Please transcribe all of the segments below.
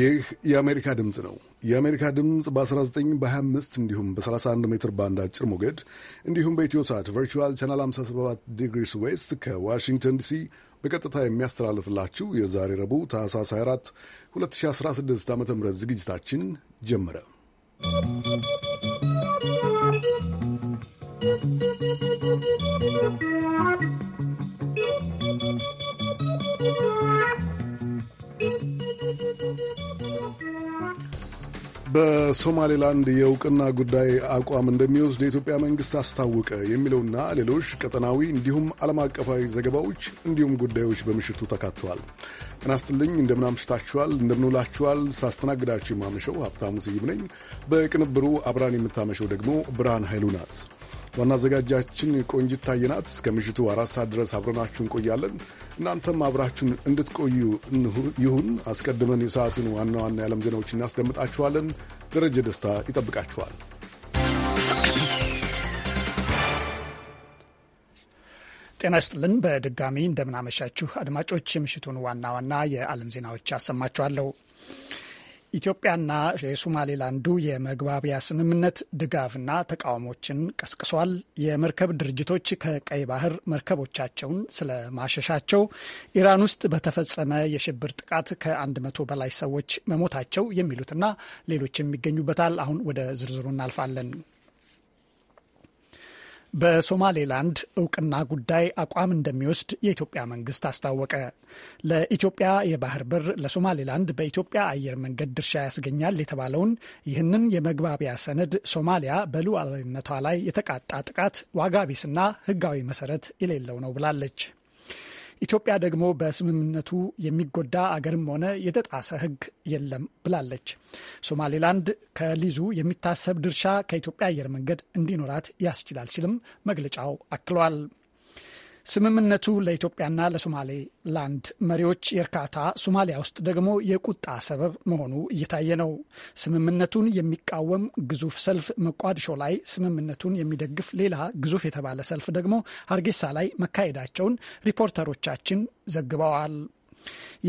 ይህ የአሜሪካ ድምፅ ነው። የአሜሪካ ድምፅ በ19 በ25 እንዲሁም በ31 ሜትር ባንድ አጭር ሞገድ እንዲሁም በኢትዮ ሳት ቨርቹዋል ቻናል 57 ዲግሪስ ዌስት ከዋሽንግተን ዲሲ በቀጥታ የሚያስተላልፍላችሁ የዛሬ ረቡዕ ታህሳስ 24 2016 ዓ ም ዝግጅታችን ጀመረ። በሶማሌላንድ የእውቅና ጉዳይ አቋም እንደሚወስድ የኢትዮጵያ መንግስት አስታወቀ የሚለውና ሌሎች ቀጠናዊ እንዲሁም ዓለም አቀፋዊ ዘገባዎች እንዲሁም ጉዳዮች በምሽቱ ተካተዋል። እናስጥልኝ እንደምናምሽታችኋል፣ እንደምንውላችኋል። ሳስተናግዳችሁ የማመሸው ሀብታሙ ስዩም ነኝ። በቅንብሩ አብራን የምታመሸው ደግሞ ብርሃን ኃይሉ ናት። ዋና አዘጋጃችን ቆንጂት ታየናት። እስከ ምሽቱ አራት ሰዓት ድረስ አብረናችሁ እንቆያለን። እናንተም አብራችሁን እንድትቆዩ ይሁን። አስቀድመን የሰዓቱን ዋና ዋና የዓለም ዜናዎች እናስደምጣችኋለን። ደረጀ ደስታ ይጠብቃችኋል። ጤና ይስጥልን። በድጋሚ እንደምናመሻችሁ አድማጮች፣ የምሽቱን ዋና ዋና የዓለም ዜናዎች አሰማችኋለሁ። ኢትዮጵያና የሶማሌላንዱ የመግባቢያ ስምምነት ድጋፍና ተቃውሞችን ቀስቅሷል። የመርከብ ድርጅቶች ከቀይ ባህር መርከቦቻቸውን ስለማሸሻቸው፣ ኢራን ውስጥ በተፈጸመ የሽብር ጥቃት ከአንድ መቶ በላይ ሰዎች መሞታቸው የሚሉትና ሌሎችም ይገኙበታል። አሁን ወደ ዝርዝሩ እናልፋለን። በሶማሌላንድ እውቅና ጉዳይ አቋም እንደሚወስድ የኢትዮጵያ መንግስት አስታወቀ። ለኢትዮጵያ የባህር በር ለሶማሌላንድ በኢትዮጵያ አየር መንገድ ድርሻ ያስገኛል የተባለውን ይህንን የመግባቢያ ሰነድ ሶማሊያ በሉዓላዊነቷ ላይ የተቃጣ ጥቃት ዋጋ ቢስና ሕጋዊ መሰረት የሌለው ነው ብላለች። ኢትዮጵያ ደግሞ በስምምነቱ የሚጎዳ አገርም ሆነ የተጣሰ ሕግ የለም ብላለች። ሶማሌላንድ ከሊዙ የሚታሰብ ድርሻ ከኢትዮጵያ አየር መንገድ እንዲኖራት ያስችላል ሲልም መግለጫው አክሏል። ስምምነቱ ለኢትዮጵያና ለሶማሌላንድ መሪዎች የእርካታ ሶማሊያ ውስጥ ደግሞ የቁጣ ሰበብ መሆኑ እየታየ ነው። ስምምነቱን የሚቃወም ግዙፍ ሰልፍ መቋድሾ ላይ፣ ስምምነቱን የሚደግፍ ሌላ ግዙፍ የተባለ ሰልፍ ደግሞ ሀርጌሳ ላይ መካሄዳቸውን ሪፖርተሮቻችን ዘግበዋል።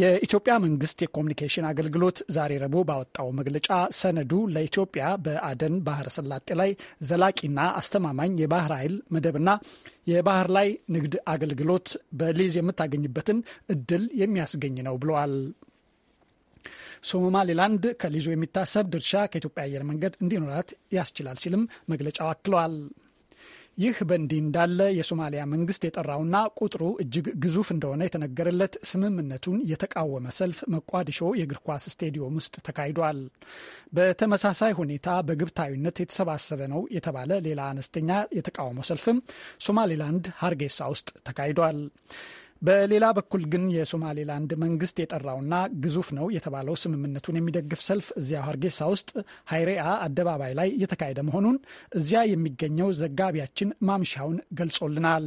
የኢትዮጵያ መንግስት የኮሚኒኬሽን አገልግሎት ዛሬ ረቡዕ ባወጣው መግለጫ ሰነዱ ለኢትዮጵያ በአደን ባህረ ሰላጤ ላይ ዘላቂና አስተማማኝ የባህር ኃይል መደብና የባህር ላይ ንግድ አገልግሎት በሊዝ የምታገኝበትን እድል የሚያስገኝ ነው ብለዋል። ሶማሌላንድ ከሊዙ የሚታሰብ ድርሻ ከኢትዮጵያ አየር መንገድ እንዲኖራት ያስችላል ሲልም መግለጫው አክለዋል። ይህ በእንዲህ እንዳለ የሶማሊያ መንግስት የጠራውና ቁጥሩ እጅግ ግዙፍ እንደሆነ የተነገረለት ስምምነቱን የተቃወመ ሰልፍ መቋዲሾ የእግር ኳስ ስቴዲየም ውስጥ ተካሂዷል። በተመሳሳይ ሁኔታ በግብታዊነት የተሰባሰበ ነው የተባለ ሌላ አነስተኛ የተቃውሞ ሰልፍም ሶማሌላንድ ሀርጌሳ ውስጥ ተካሂዷል። በሌላ በኩል ግን የሶማሌላንድ መንግስት የጠራውና ግዙፍ ነው የተባለው ስምምነቱን የሚደግፍ ሰልፍ እዚያው ሀርጌሳ ውስጥ ሀይሬአ አደባባይ ላይ እየተካሄደ መሆኑን እዚያ የሚገኘው ዘጋቢያችን ማምሻውን ገልጾልናል።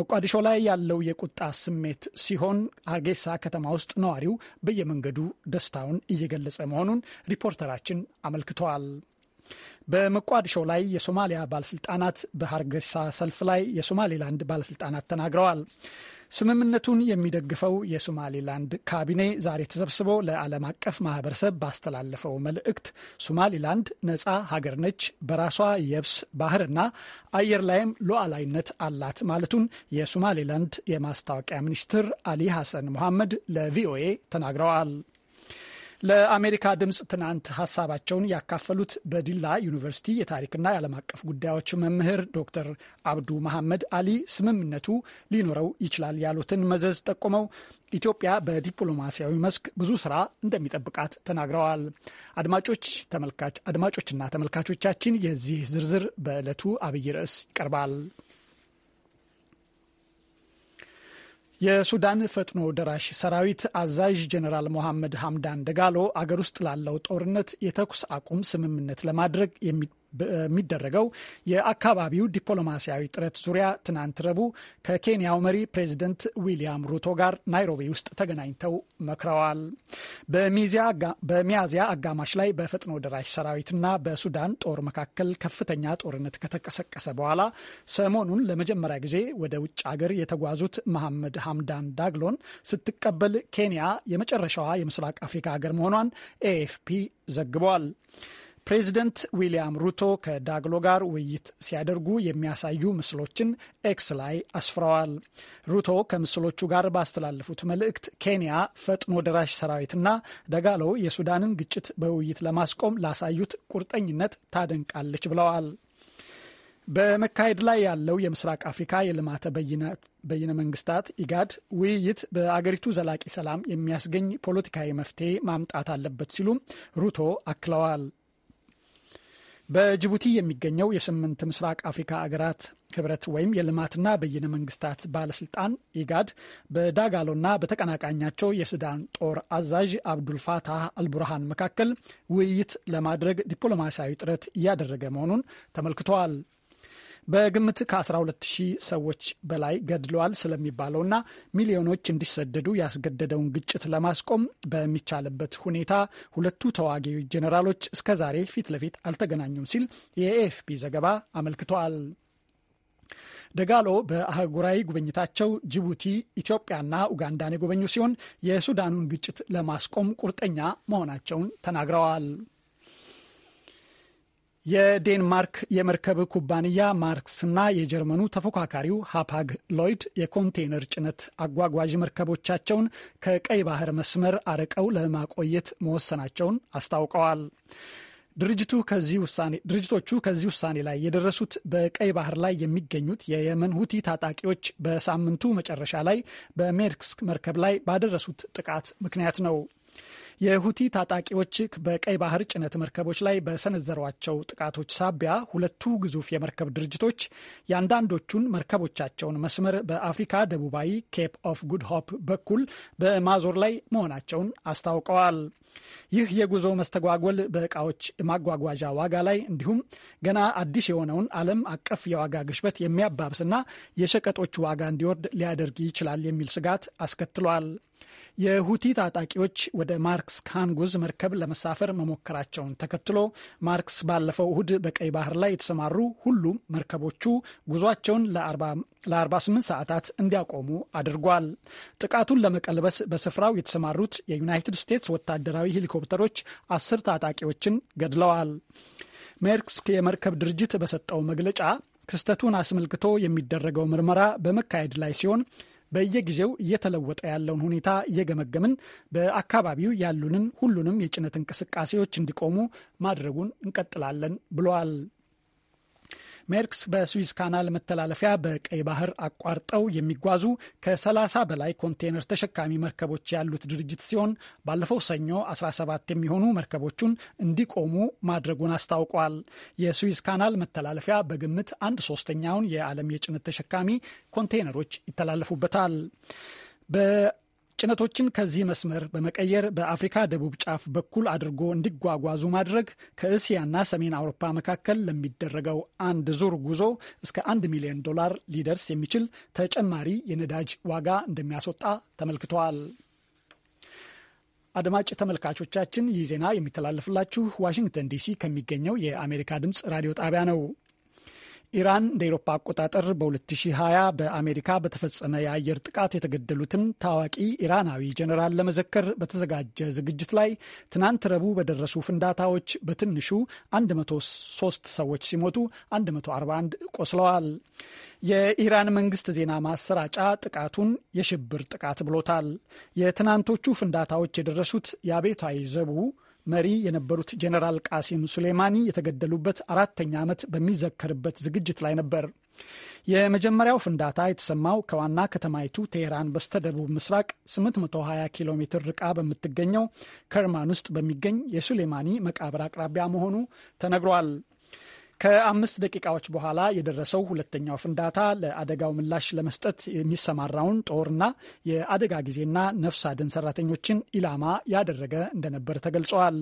ሞቃዲሾ ላይ ያለው የቁጣ ስሜት ሲሆን፣ ሀርጌሳ ከተማ ውስጥ ነዋሪው በየመንገዱ ደስታውን እየገለጸ መሆኑን ሪፖርተራችን አመልክተዋል። በመቋድሾ ላይ የሶማሊያ ባለስልጣናት በሀርገሳ ሰልፍ ላይ የሶማሌላንድ ባለስልጣናት ተናግረዋል። ስምምነቱን የሚደግፈው የሶማሌላንድ ካቢኔ ዛሬ ተሰብስቦ ለዓለም አቀፍ ማህበረሰብ ባስተላለፈው መልእክት ሶማሌላንድ ነፃ ሀገር ነች፣ በራሷ የብስ ባህርና አየር ላይም ሉዓላዊነት አላት ማለቱን የሶማሌላንድ የማስታወቂያ ሚኒስትር አሊ ሐሰን ሙሐመድ ለቪኦኤ ተናግረዋል። ለአሜሪካ ድምፅ ትናንት ሀሳባቸውን ያካፈሉት በዲላ ዩኒቨርሲቲ የታሪክና የዓለም አቀፍ ጉዳዮች መምህር ዶክተር አብዱ መሐመድ አሊ ስምምነቱ ሊኖረው ይችላል ያሉትን መዘዝ ጠቁመው ኢትዮጵያ በዲፕሎማሲያዊ መስክ ብዙ ስራ እንደሚጠብቃት ተናግረዋል። አድማጮች ተመልካች አድማጮችና ተመልካቾቻችን የዚህ ዝርዝር በዕለቱ አብይ ርዕስ ይቀርባል። የሱዳን ፈጥኖ ደራሽ ሰራዊት አዛዥ ጀኔራል ሞሐመድ ሀምዳን ደጋሎ አገር ውስጥ ላለው ጦርነት የተኩስ አቁም ስምምነት ለማድረግ በሚደረገው የአካባቢው ዲፕሎማሲያዊ ጥረት ዙሪያ ትናንት ረቡዕ ከኬንያው መሪ ፕሬዚደንት ዊሊያም ሩቶ ጋር ናይሮቢ ውስጥ ተገናኝተው መክረዋል። በሚያዝያ አጋማሽ ላይ በፈጥኖ ደራሽ ሰራዊትና በሱዳን ጦር መካከል ከፍተኛ ጦርነት ከተቀሰቀሰ በኋላ ሰሞኑን ለመጀመሪያ ጊዜ ወደ ውጭ አገር የተጓዙት መሐመድ ሐምዳን ዳግሎን ስትቀበል ኬንያ የመጨረሻዋ የምስራቅ አፍሪካ ሀገር መሆኗን ኤኤፍፒ ዘግቧል። ፕሬዚደንት ዊሊያም ሩቶ ከዳግሎ ጋር ውይይት ሲያደርጉ የሚያሳዩ ምስሎችን ኤክስ ላይ አስፍረዋል። ሩቶ ከምስሎቹ ጋር ባስተላለፉት መልእክት ኬንያ ፈጥኖ ደራሽ ሰራዊትና ደጋሎ የሱዳንን ግጭት በውይይት ለማስቆም ላሳዩት ቁርጠኝነት ታደንቃለች ብለዋል። በመካሄድ ላይ ያለው የምስራቅ አፍሪካ የልማተ በይነ መንግስታት ኢጋድ ውይይት በአገሪቱ ዘላቂ ሰላም የሚያስገኝ ፖለቲካዊ መፍትሄ ማምጣት አለበት ሲሉም ሩቶ አክለዋል። በጅቡቲ የሚገኘው የስምንት ምስራቅ አፍሪካ አገራት ህብረት ወይም የልማትና በይነ መንግስታት ባለስልጣን ኢጋድ በዳጋሎና በተቀናቃኛቸው የሱዳን ጦር አዛዥ አብዱልፋታህ አልቡርሃን መካከል ውይይት ለማድረግ ዲፕሎማሲያዊ ጥረት እያደረገ መሆኑን ተመልክተዋል። በግምት ከ 12000 ሰዎች በላይ ገድለዋል ስለሚባለውና ሚሊዮኖች እንዲሰደዱ ያስገደደውን ግጭት ለማስቆም በሚቻልበት ሁኔታ ሁለቱ ተዋጊ ጄኔራሎች እስከዛሬ ፊት ለፊት አልተገናኙም ሲል የኤኤፍፒ ዘገባ አመልክቷል። ደጋሎ በአህጉራዊ ጉብኝታቸው ጅቡቲ፣ ኢትዮጵያና ኡጋንዳን የጎበኙ ሲሆን የሱዳኑን ግጭት ለማስቆም ቁርጠኛ መሆናቸውን ተናግረዋል። የዴንማርክ የመርከብ ኩባንያ ማርክስና የጀርመኑ ተፎካካሪው ሃፓግ ሎይድ የኮንቴይነር ጭነት አጓጓዥ መርከቦቻቸውን ከቀይ ባህር መስመር አርቀው ለማቆየት መወሰናቸውን አስታውቀዋል። ድርጅቱ ከዚህ ውሳኔ ድርጅቶቹ ከዚህ ውሳኔ ላይ የደረሱት በቀይ ባህር ላይ የሚገኙት የየመን ሁቲ ታጣቂዎች በሳምንቱ መጨረሻ ላይ በሜርክስ መርከብ ላይ ባደረሱት ጥቃት ምክንያት ነው። የሁቲ ታጣቂዎች በቀይ ባህር ጭነት መርከቦች ላይ በሰነዘሯቸው ጥቃቶች ሳቢያ ሁለቱ ግዙፍ የመርከብ ድርጅቶች የአንዳንዶቹን መርከቦቻቸውን መስመር በአፍሪካ ደቡባዊ ኬፕ ኦፍ ጉድ ሆፕ በኩል በማዞር ላይ መሆናቸውን አስታውቀዋል። ይህ የጉዞ መስተጓጎል በእቃዎች ማጓጓዣ ዋጋ ላይ እንዲሁም ገና አዲስ የሆነውን ዓለም አቀፍ የዋጋ ግሽበት የሚያባብስና የሸቀጦች ዋጋ እንዲወርድ ሊያደርግ ይችላል የሚል ስጋት አስከትሏል። የሁቲ ታጣቂዎች ወደ ማር ማርክስ ካንጉዝ መርከብ ለመሳፈር መሞከራቸውን ተከትሎ ማርክስ ባለፈው እሁድ በቀይ ባህር ላይ የተሰማሩ ሁሉም መርከቦቹ ጉዟቸውን ለ48 ሰዓታት እንዲያቆሙ አድርጓል። ጥቃቱን ለመቀልበስ በስፍራው የተሰማሩት የዩናይትድ ስቴትስ ወታደራዊ ሄሊኮፕተሮች አስር ታጣቂዎችን ገድለዋል። ሜርክስክ የመርከብ ድርጅት በሰጠው መግለጫ ክስተቱን አስመልክቶ የሚደረገው ምርመራ በመካሄድ ላይ ሲሆን በየጊዜው እየተለወጠ ያለውን ሁኔታ እየገመገምን በአካባቢው ያሉንን ሁሉንም የጭነት እንቅስቃሴዎች እንዲቆሙ ማድረጉን እንቀጥላለን ብለዋል። ሜርክስ በስዊዝ ካናል መተላለፊያ በቀይ ባህር አቋርጠው የሚጓዙ ከ30 በላይ ኮንቴነር ተሸካሚ መርከቦች ያሉት ድርጅት ሲሆን ባለፈው ሰኞ 17 የሚሆኑ መርከቦቹን እንዲቆሙ ማድረጉን አስታውቋል። የስዊዝ ካናል መተላለፊያ በግምት አንድ ሶስተኛውን የዓለም የጭነት ተሸካሚ ኮንቴነሮች ይተላለፉበታል። ጭነቶችን ከዚህ መስመር በመቀየር በአፍሪካ ደቡብ ጫፍ በኩል አድርጎ እንዲጓጓዙ ማድረግ ከእስያና ሰሜን አውሮፓ መካከል ለሚደረገው አንድ ዙር ጉዞ እስከ አንድ ሚሊዮን ዶላር ሊደርስ የሚችል ተጨማሪ የነዳጅ ዋጋ እንደሚያስወጣ ተመልክተዋል። አድማጭ ተመልካቾቻችን ይህ ዜና የሚተላለፍላችሁ ዋሽንግተን ዲሲ ከሚገኘው የአሜሪካ ድምፅ ራዲዮ ጣቢያ ነው። ኢራን እንደ ኤሮፓ አቆጣጠር በ2020 በአሜሪካ በተፈጸመ የአየር ጥቃት የተገደሉትን ታዋቂ ኢራናዊ ጀኔራል ለመዘከር በተዘጋጀ ዝግጅት ላይ ትናንት ረቡዕ በደረሱ ፍንዳታዎች በትንሹ 103 ሰዎች ሲሞቱ 141 ቆስለዋል። የኢራን መንግስት ዜና ማሰራጫ ጥቃቱን የሽብር ጥቃት ብሎታል። የትናንቶቹ ፍንዳታዎች የደረሱት የአቤታዊ ዘቡ መሪ የነበሩት ጀነራል ቃሲም ሱሌማኒ የተገደሉበት አራተኛ ዓመት በሚዘከርበት ዝግጅት ላይ ነበር። የመጀመሪያው ፍንዳታ የተሰማው ከዋና ከተማይቱ ቴሄራን በስተደቡብ ምስራቅ 820 ኪሎ ሜትር ርቃ በምትገኘው ከርማን ውስጥ በሚገኝ የሱሌማኒ መቃብር አቅራቢያ መሆኑ ተነግሯል። ከአምስት ደቂቃዎች በኋላ የደረሰው ሁለተኛው ፍንዳታ ለአደጋው ምላሽ ለመስጠት የሚሰማራውን ጦርና የአደጋ ጊዜና ነፍስ አድን ሰራተኞችን ኢላማ ያደረገ እንደነበር ተገልጿል።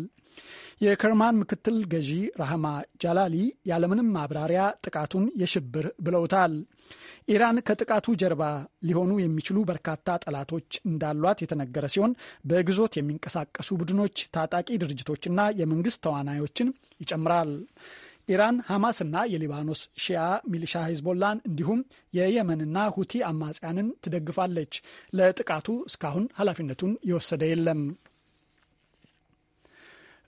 የከርማን ምክትል ገዢ ራህማ ጃላሊ ያለምንም ማብራሪያ ጥቃቱን የሽብር ብለውታል። ኢራን ከጥቃቱ ጀርባ ሊሆኑ የሚችሉ በርካታ ጠላቶች እንዳሏት የተነገረ ሲሆን በግዞት የሚንቀሳቀሱ ቡድኖች፣ ታጣቂ ድርጅቶችና የመንግስት ተዋናዮችን ይጨምራል። ኢራን ሐማስና የሊባኖስ ሺያ ሚሊሻ ሂዝቦላን እንዲሁም የየመንና ሁቲ አማጽያንን ትደግፋለች። ለጥቃቱ እስካሁን ኃላፊነቱን የወሰደ የለም።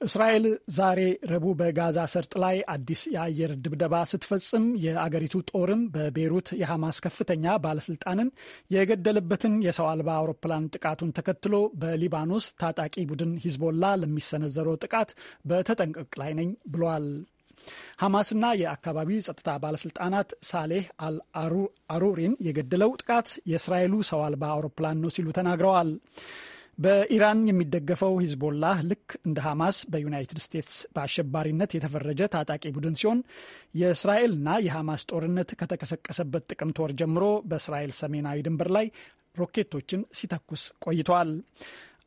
እስራኤል ዛሬ ረቡዕ በጋዛ ሰርጥ ላይ አዲስ የአየር ድብደባ ስትፈጽም የአገሪቱ ጦርም በቤይሩት የሐማስ ከፍተኛ ባለስልጣንን የገደለበትን የሰው አልባ አውሮፕላን ጥቃቱን ተከትሎ በሊባኖስ ታጣቂ ቡድን ሂዝቦላ ለሚሰነዘረው ጥቃት በተጠንቀቅ ላይ ነኝ ብሏል። ሐማስና የአካባቢው ጸጥታ ባለስልጣናት ሳሌህ አል አሩሪን የገደለው ጥቃት የእስራኤሉ ሰው አልባ አውሮፕላን ነው ሲሉ ተናግረዋል። በኢራን የሚደገፈው ሂዝቦላ ልክ እንደ ሐማስ በዩናይትድ ስቴትስ በአሸባሪነት የተፈረጀ ታጣቂ ቡድን ሲሆን የእስራኤልና የሐማስ ጦርነት ከተቀሰቀሰበት ጥቅምት ወር ጀምሮ በእስራኤል ሰሜናዊ ድንበር ላይ ሮኬቶችን ሲተኩስ ቆይተዋል።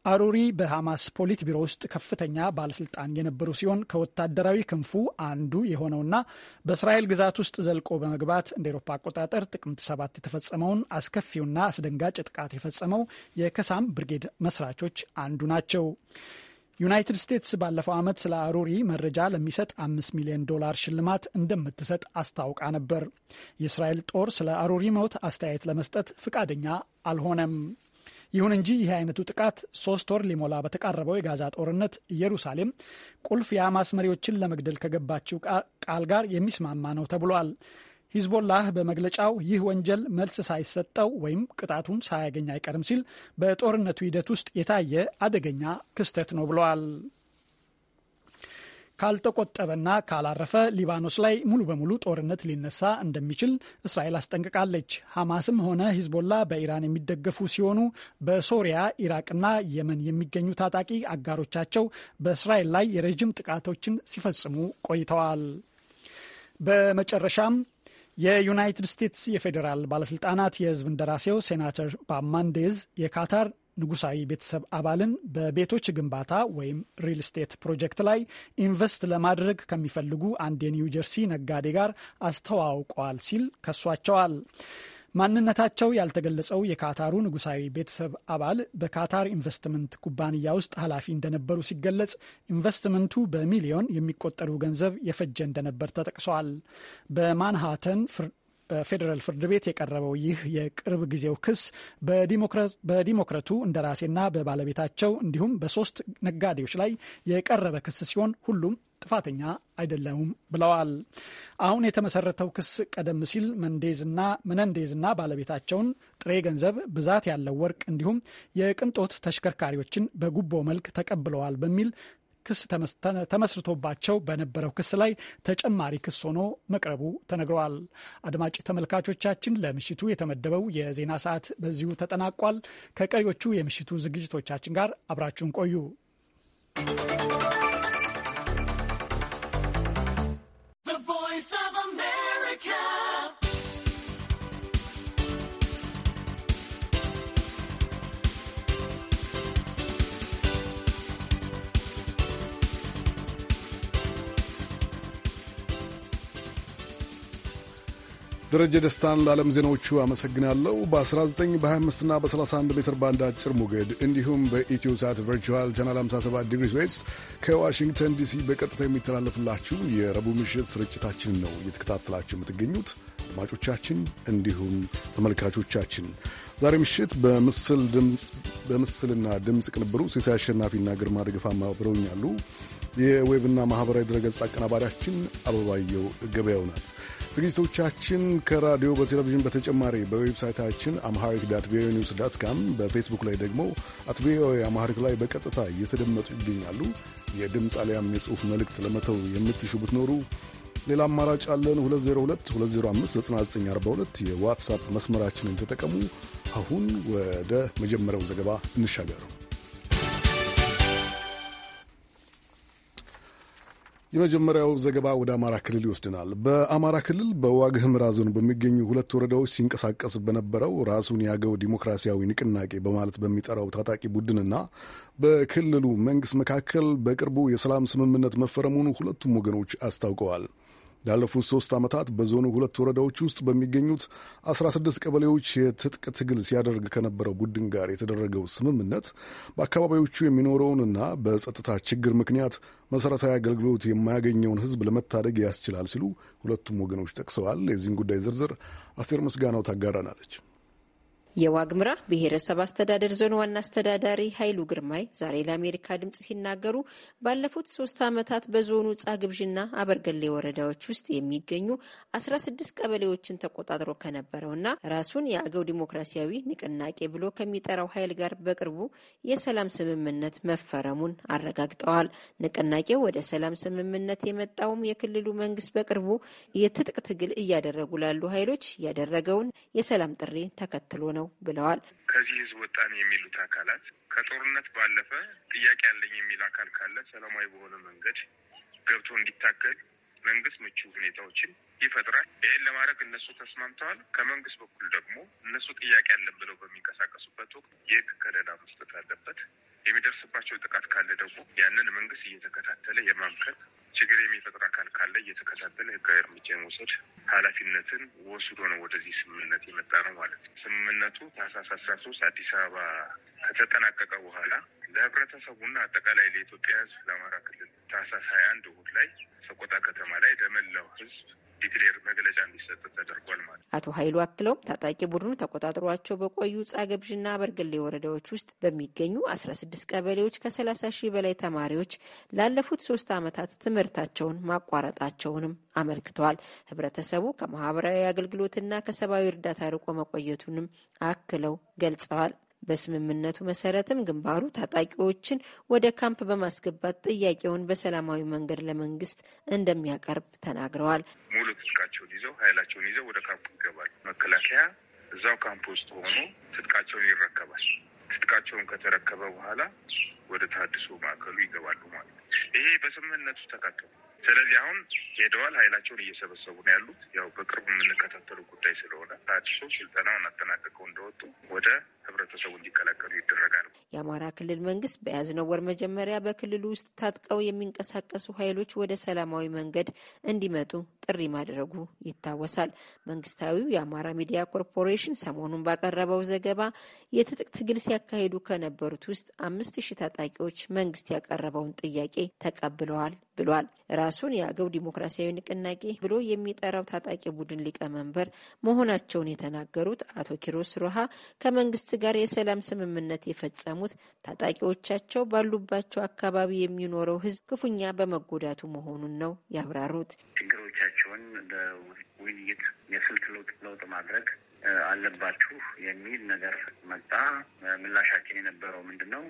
አሩሪ በሐማስ ፖሊት ቢሮ ውስጥ ከፍተኛ ባለስልጣን የነበሩ ሲሆን ከወታደራዊ ክንፉ አንዱ የሆነውና በእስራኤል ግዛት ውስጥ ዘልቆ በመግባት እንደ ኤሮፓ አቆጣጠር ጥቅምት ሰባት የተፈጸመውን አስከፊውና አስደንጋጭ ጥቃት የፈጸመው የከሳም ብርጌድ መስራቾች አንዱ ናቸው። ዩናይትድ ስቴትስ ባለፈው ዓመት ስለ አሩሪ መረጃ ለሚሰጥ አምስት ሚሊዮን ዶላር ሽልማት እንደምትሰጥ አስታውቃ ነበር። የእስራኤል ጦር ስለ አሩሪ ሞት አስተያየት ለመስጠት ፍቃደኛ አልሆነም። ይሁን እንጂ ይህ አይነቱ ጥቃት ሶስት ወር ሊሞላ በተቃረበው የጋዛ ጦርነት ኢየሩሳሌም ቁልፍ የሐማስ መሪዎችን ለመግደል ከገባችው ቃል ጋር የሚስማማ ነው ተብሏል። ሂዝቦላህ በመግለጫው ይህ ወንጀል መልስ ሳይሰጠው ወይም ቅጣቱን ሳያገኝ አይቀርም ሲል በጦርነቱ ሂደት ውስጥ የታየ አደገኛ ክስተት ነው ብለዋል። ካልተቆጠበና ካላረፈ ሊባኖስ ላይ ሙሉ በሙሉ ጦርነት ሊነሳ እንደሚችል እስራኤል አስጠንቅቃለች። ሐማስም ሆነ ሂዝቦላ በኢራን የሚደገፉ ሲሆኑ በሶሪያ ኢራቅና የመን የሚገኙ ታጣቂ አጋሮቻቸው በእስራኤል ላይ የረዥም ጥቃቶችን ሲፈጽሙ ቆይተዋል። በመጨረሻም የዩናይትድ ስቴትስ የፌዴራል ባለስልጣናት የህዝብ እንደራሴው ሴናተር ባማንዴዝ የካታር ንጉሳዊ ቤተሰብ አባልን በቤቶች ግንባታ ወይም ሪል ስቴት ፕሮጀክት ላይ ኢንቨስት ለማድረግ ከሚፈልጉ አንድ የኒውጀርሲ ነጋዴ ጋር አስተዋውቀዋል ሲል ከሷቸዋል። ማንነታቸው ያልተገለጸው የካታሩ ንጉሳዊ ቤተሰብ አባል በካታር ኢንቨስትመንት ኩባንያ ውስጥ ኃላፊ እንደነበሩ ሲገለጽ ኢንቨስትመንቱ በሚሊዮን የሚቆጠሩ ገንዘብ የፈጀ እንደነበር ተጠቅሷል። በማንሃተን ፌዴራል ፍርድ ቤት የቀረበው ይህ የቅርብ ጊዜው ክስ በዲሞክረቱ እንደራሴና በባለቤታቸው እንዲሁም በሶስት ነጋዴዎች ላይ የቀረበ ክስ ሲሆን ሁሉም ጥፋተኛ አይደለውም ብለዋል። አሁን የተመሰረተው ክስ ቀደም ሲል መንዴዝና መነንዴዝና ባለቤታቸውን ጥሬ ገንዘብ፣ ብዛት ያለው ወርቅ እንዲሁም የቅንጦት ተሽከርካሪዎችን በጉቦ መልክ ተቀብለዋል በሚል ክስ ተመስርቶባቸው በነበረው ክስ ላይ ተጨማሪ ክስ ሆኖ መቅረቡ ተነግረዋል። አድማጭ ተመልካቾቻችን ለምሽቱ የተመደበው የዜና ሰዓት በዚሁ ተጠናቋል። ከቀሪዎቹ የምሽቱ ዝግጅቶቻችን ጋር አብራችሁን ቆዩ። ደረጀ ደስታን ለዓለም ዜናዎቹ አመሰግናለሁ። በ19 በ25 ና በ31 ሜትር ባንድ አጭር ሞገድ እንዲሁም በኢትዮ ሳት ቨርቹዋል ቻናል 57 ዲግሪ ዌስት ከዋሽንግተን ዲሲ በቀጥታ የሚተላለፍላችሁ የረቡዕ ምሽት ስርጭታችን ነው እየተከታተላችሁ የምትገኙት አድማጮቻችን፣ እንዲሁም ተመልካቾቻችን። ዛሬ ምሽት በምስልና ድምፅ ቅንብሩ ሲሳይ አሸናፊና ግርማ ደገፋም አብረውኛሉ። የዌብና ማኅበራዊ ድረገጽ አቀናባሪያችን አበባየው ገበያው ናት። ዝግጅቶቻችን ከራዲዮ በቴሌቪዥን በተጨማሪ በዌብሳይታችን አምሃሪክ ዳት ቪኦኤ ኒውስ ዳት ካም፣ በፌስቡክ ላይ ደግሞ አት ቪኦኤ አምሃሪክ ላይ በቀጥታ እየተደመጡ ይገኛሉ። የድምፅ አሊያም የጽሑፍ መልእክት ለመተው የምትሹ ብትኖሩ ሌላ አማራጭ አለን። 2022059942 የዋትሳፕ መስመራችንን ተጠቀሙ። አሁን ወደ መጀመሪያው ዘገባ እንሻገር። የመጀመሪያው ዘገባ ወደ አማራ ክልል ይወስድናል። በአማራ ክልል በዋግህምራ ዞን በሚገኙ ሁለት ወረዳዎች ሲንቀሳቀስ በነበረው ራሱን የአገው ዲሞክራሲያዊ ንቅናቄ በማለት በሚጠራው ታጣቂ ቡድንና በክልሉ መንግስት መካከል በቅርቡ የሰላም ስምምነት መፈረሙን ሁለቱም ወገኖች አስታውቀዋል። ላለፉት ሶስት ዓመታት በዞኑ ሁለት ወረዳዎች ውስጥ በሚገኙት 16 ቀበሌዎች የትጥቅ ትግል ሲያደርግ ከነበረው ቡድን ጋር የተደረገው ስምምነት በአካባቢዎቹ የሚኖረውንና በጸጥታ ችግር ምክንያት መሠረታዊ አገልግሎት የማያገኘውን ሕዝብ ለመታደግ ያስችላል ሲሉ ሁለቱም ወገኖች ጠቅሰዋል። የዚህን ጉዳይ ዝርዝር አስቴር ምስጋናው ታጋራናለች። የዋግምራ ብሔረሰብ አስተዳደር ዞን ዋና አስተዳዳሪ ኃይሉ ግርማይ ዛሬ ለአሜሪካ ድምጽ ሲናገሩ ባለፉት ሶስት ዓመታት በዞኑ ጻ ግብዥና አበርገሌ ወረዳዎች ውስጥ የሚገኙ አስራ ስድስት ቀበሌዎችን ተቆጣጥሮ ከነበረውና ራሱን የአገው ዲሞክራሲያዊ ንቅናቄ ብሎ ከሚጠራው ኃይል ጋር በቅርቡ የሰላም ስምምነት መፈረሙን አረጋግጠዋል። ንቅናቄው ወደ ሰላም ስምምነት የመጣውም የክልሉ መንግስት በቅርቡ የትጥቅ ትግል እያደረጉ ላሉ ኃይሎች ያደረገውን የሰላም ጥሪ ተከትሎ ነው። ነው ብለዋል። ከዚህ ህዝብ ወጣን የሚሉት አካላት ከጦርነት ባለፈ ጥያቄ ያለኝ የሚል አካል ካለ ሰላማዊ በሆነ መንገድ ገብቶ እንዲታገል መንግስት ምቹ ሁኔታዎችን ይፈጥራል። ይህን ለማድረግ እነሱ ተስማምተዋል። ከመንግስት በኩል ደግሞ እነሱ ጥያቄ አለን ብለው በሚንቀሳቀሱበት ወቅት የህግ ከለላ መስጠት አለበት። የሚደርስባቸው ጥቃት ካለ ደግሞ ያንን መንግስት እየተከታተለ የማምከት ችግር የሚፈጥር አካል ካለ እየተከታተለ ህጋዊ እርምጃ የመውሰድ ኃላፊነትን ወስዶ ነው ወደዚህ ስምምነት የመጣ ነው ማለት ነው። ስምምነቱ ታህሳስ አስራ ሶስት አዲስ አበባ ከተጠናቀቀ በኋላ ለህብረተሰቡና አጠቃላይ ለኢትዮጵያ ህዝብ ለአማራ ክልል ታህሳስ ሀያ አንድ እሁድ ላይ ሰቆጣ ከተማ ላይ ለመላው ህዝብ ዲክሌር መግለጫ እንዲሰጥ ተደርጓል ማለት አቶ ሀይሉ አክለውም ታጣቂ ቡድኑ ተቆጣጥሯቸው በቆዩ ጻገብዥና በርገሌ ወረዳዎች ውስጥ በሚገኙ አስራ ስድስት ቀበሌዎች ከሰላሳ ሺህ በላይ ተማሪዎች ላለፉት ሶስት ዓመታት ትምህርታቸውን ማቋረጣቸውንም አመልክተዋል። ህብረተሰቡ ከማህበራዊ አገልግሎትና ከሰብአዊ እርዳታ ርቆ መቆየቱንም አክለው ገልጸዋል። በስምምነቱ መሰረትም ግንባሩ ታጣቂዎችን ወደ ካምፕ በማስገባት ጥያቄውን በሰላማዊ መንገድ ለመንግስት እንደሚያቀርብ ተናግረዋል። ሙሉ ትጥቃቸውን ይዘው ኃይላቸውን ይዘው ወደ ካምፑ ይገባል። መከላከያ እዛው ካምፕ ውስጥ ሆኖ ትጥቃቸውን ይረከባል። ትጥቃቸውን ከተረከበ በኋላ ወደ ታድሶ ማዕከሉ ይገባሉ ማለት ነው። ይሄ በስምምነቱ ተካተሉ። ስለዚህ አሁን ሄደዋል። ኃይላቸውን እየሰበሰቡ ነው ያሉት። ያው በቅርብ የምንከታተሉ ጉዳይ ስለሆነ ታድሶ ስልጠናውን አጠናቀቀው እንደወጡ ወደ ህብረተሰቡ እንዲቀላቀሉ ይደረጋል። የአማራ ክልል መንግስት በያዝነው ወር መጀመሪያ በክልሉ ውስጥ ታጥቀው የሚንቀሳቀሱ ኃይሎች ወደ ሰላማዊ መንገድ እንዲመጡ ጥሪ ማድረጉ ይታወሳል። መንግስታዊው የአማራ ሚዲያ ኮርፖሬሽን ሰሞኑን ባቀረበው ዘገባ የትጥቅ ትግል ሲያካሂዱ ከነበሩት ውስጥ አምስት ሺህ ታጣቂዎች መንግስት ያቀረበውን ጥያቄ ተቀብለዋል ብሏል። ራሱን የአገው ዲሞክራሲያዊ ንቅናቄ ብሎ የሚጠራው ታጣቂ ቡድን ሊቀመንበር መሆናቸውን የተናገሩት አቶ ኪሮስ ሮሃ ከመንግስት ጋር የሰላም ስምምነት የፈጸሙት ታጣቂዎቻቸው ባሉባቸው አካባቢ የሚኖረው ሕዝብ ክፉኛ በመጎዳቱ መሆኑን ነው ያብራሩት። ችግሮቻቸውን በውይይት የስልት ለውጥ ማድረግ አለባችሁ የሚል ነገር መጣ። ምላሻችን የነበረው ምንድን ነው?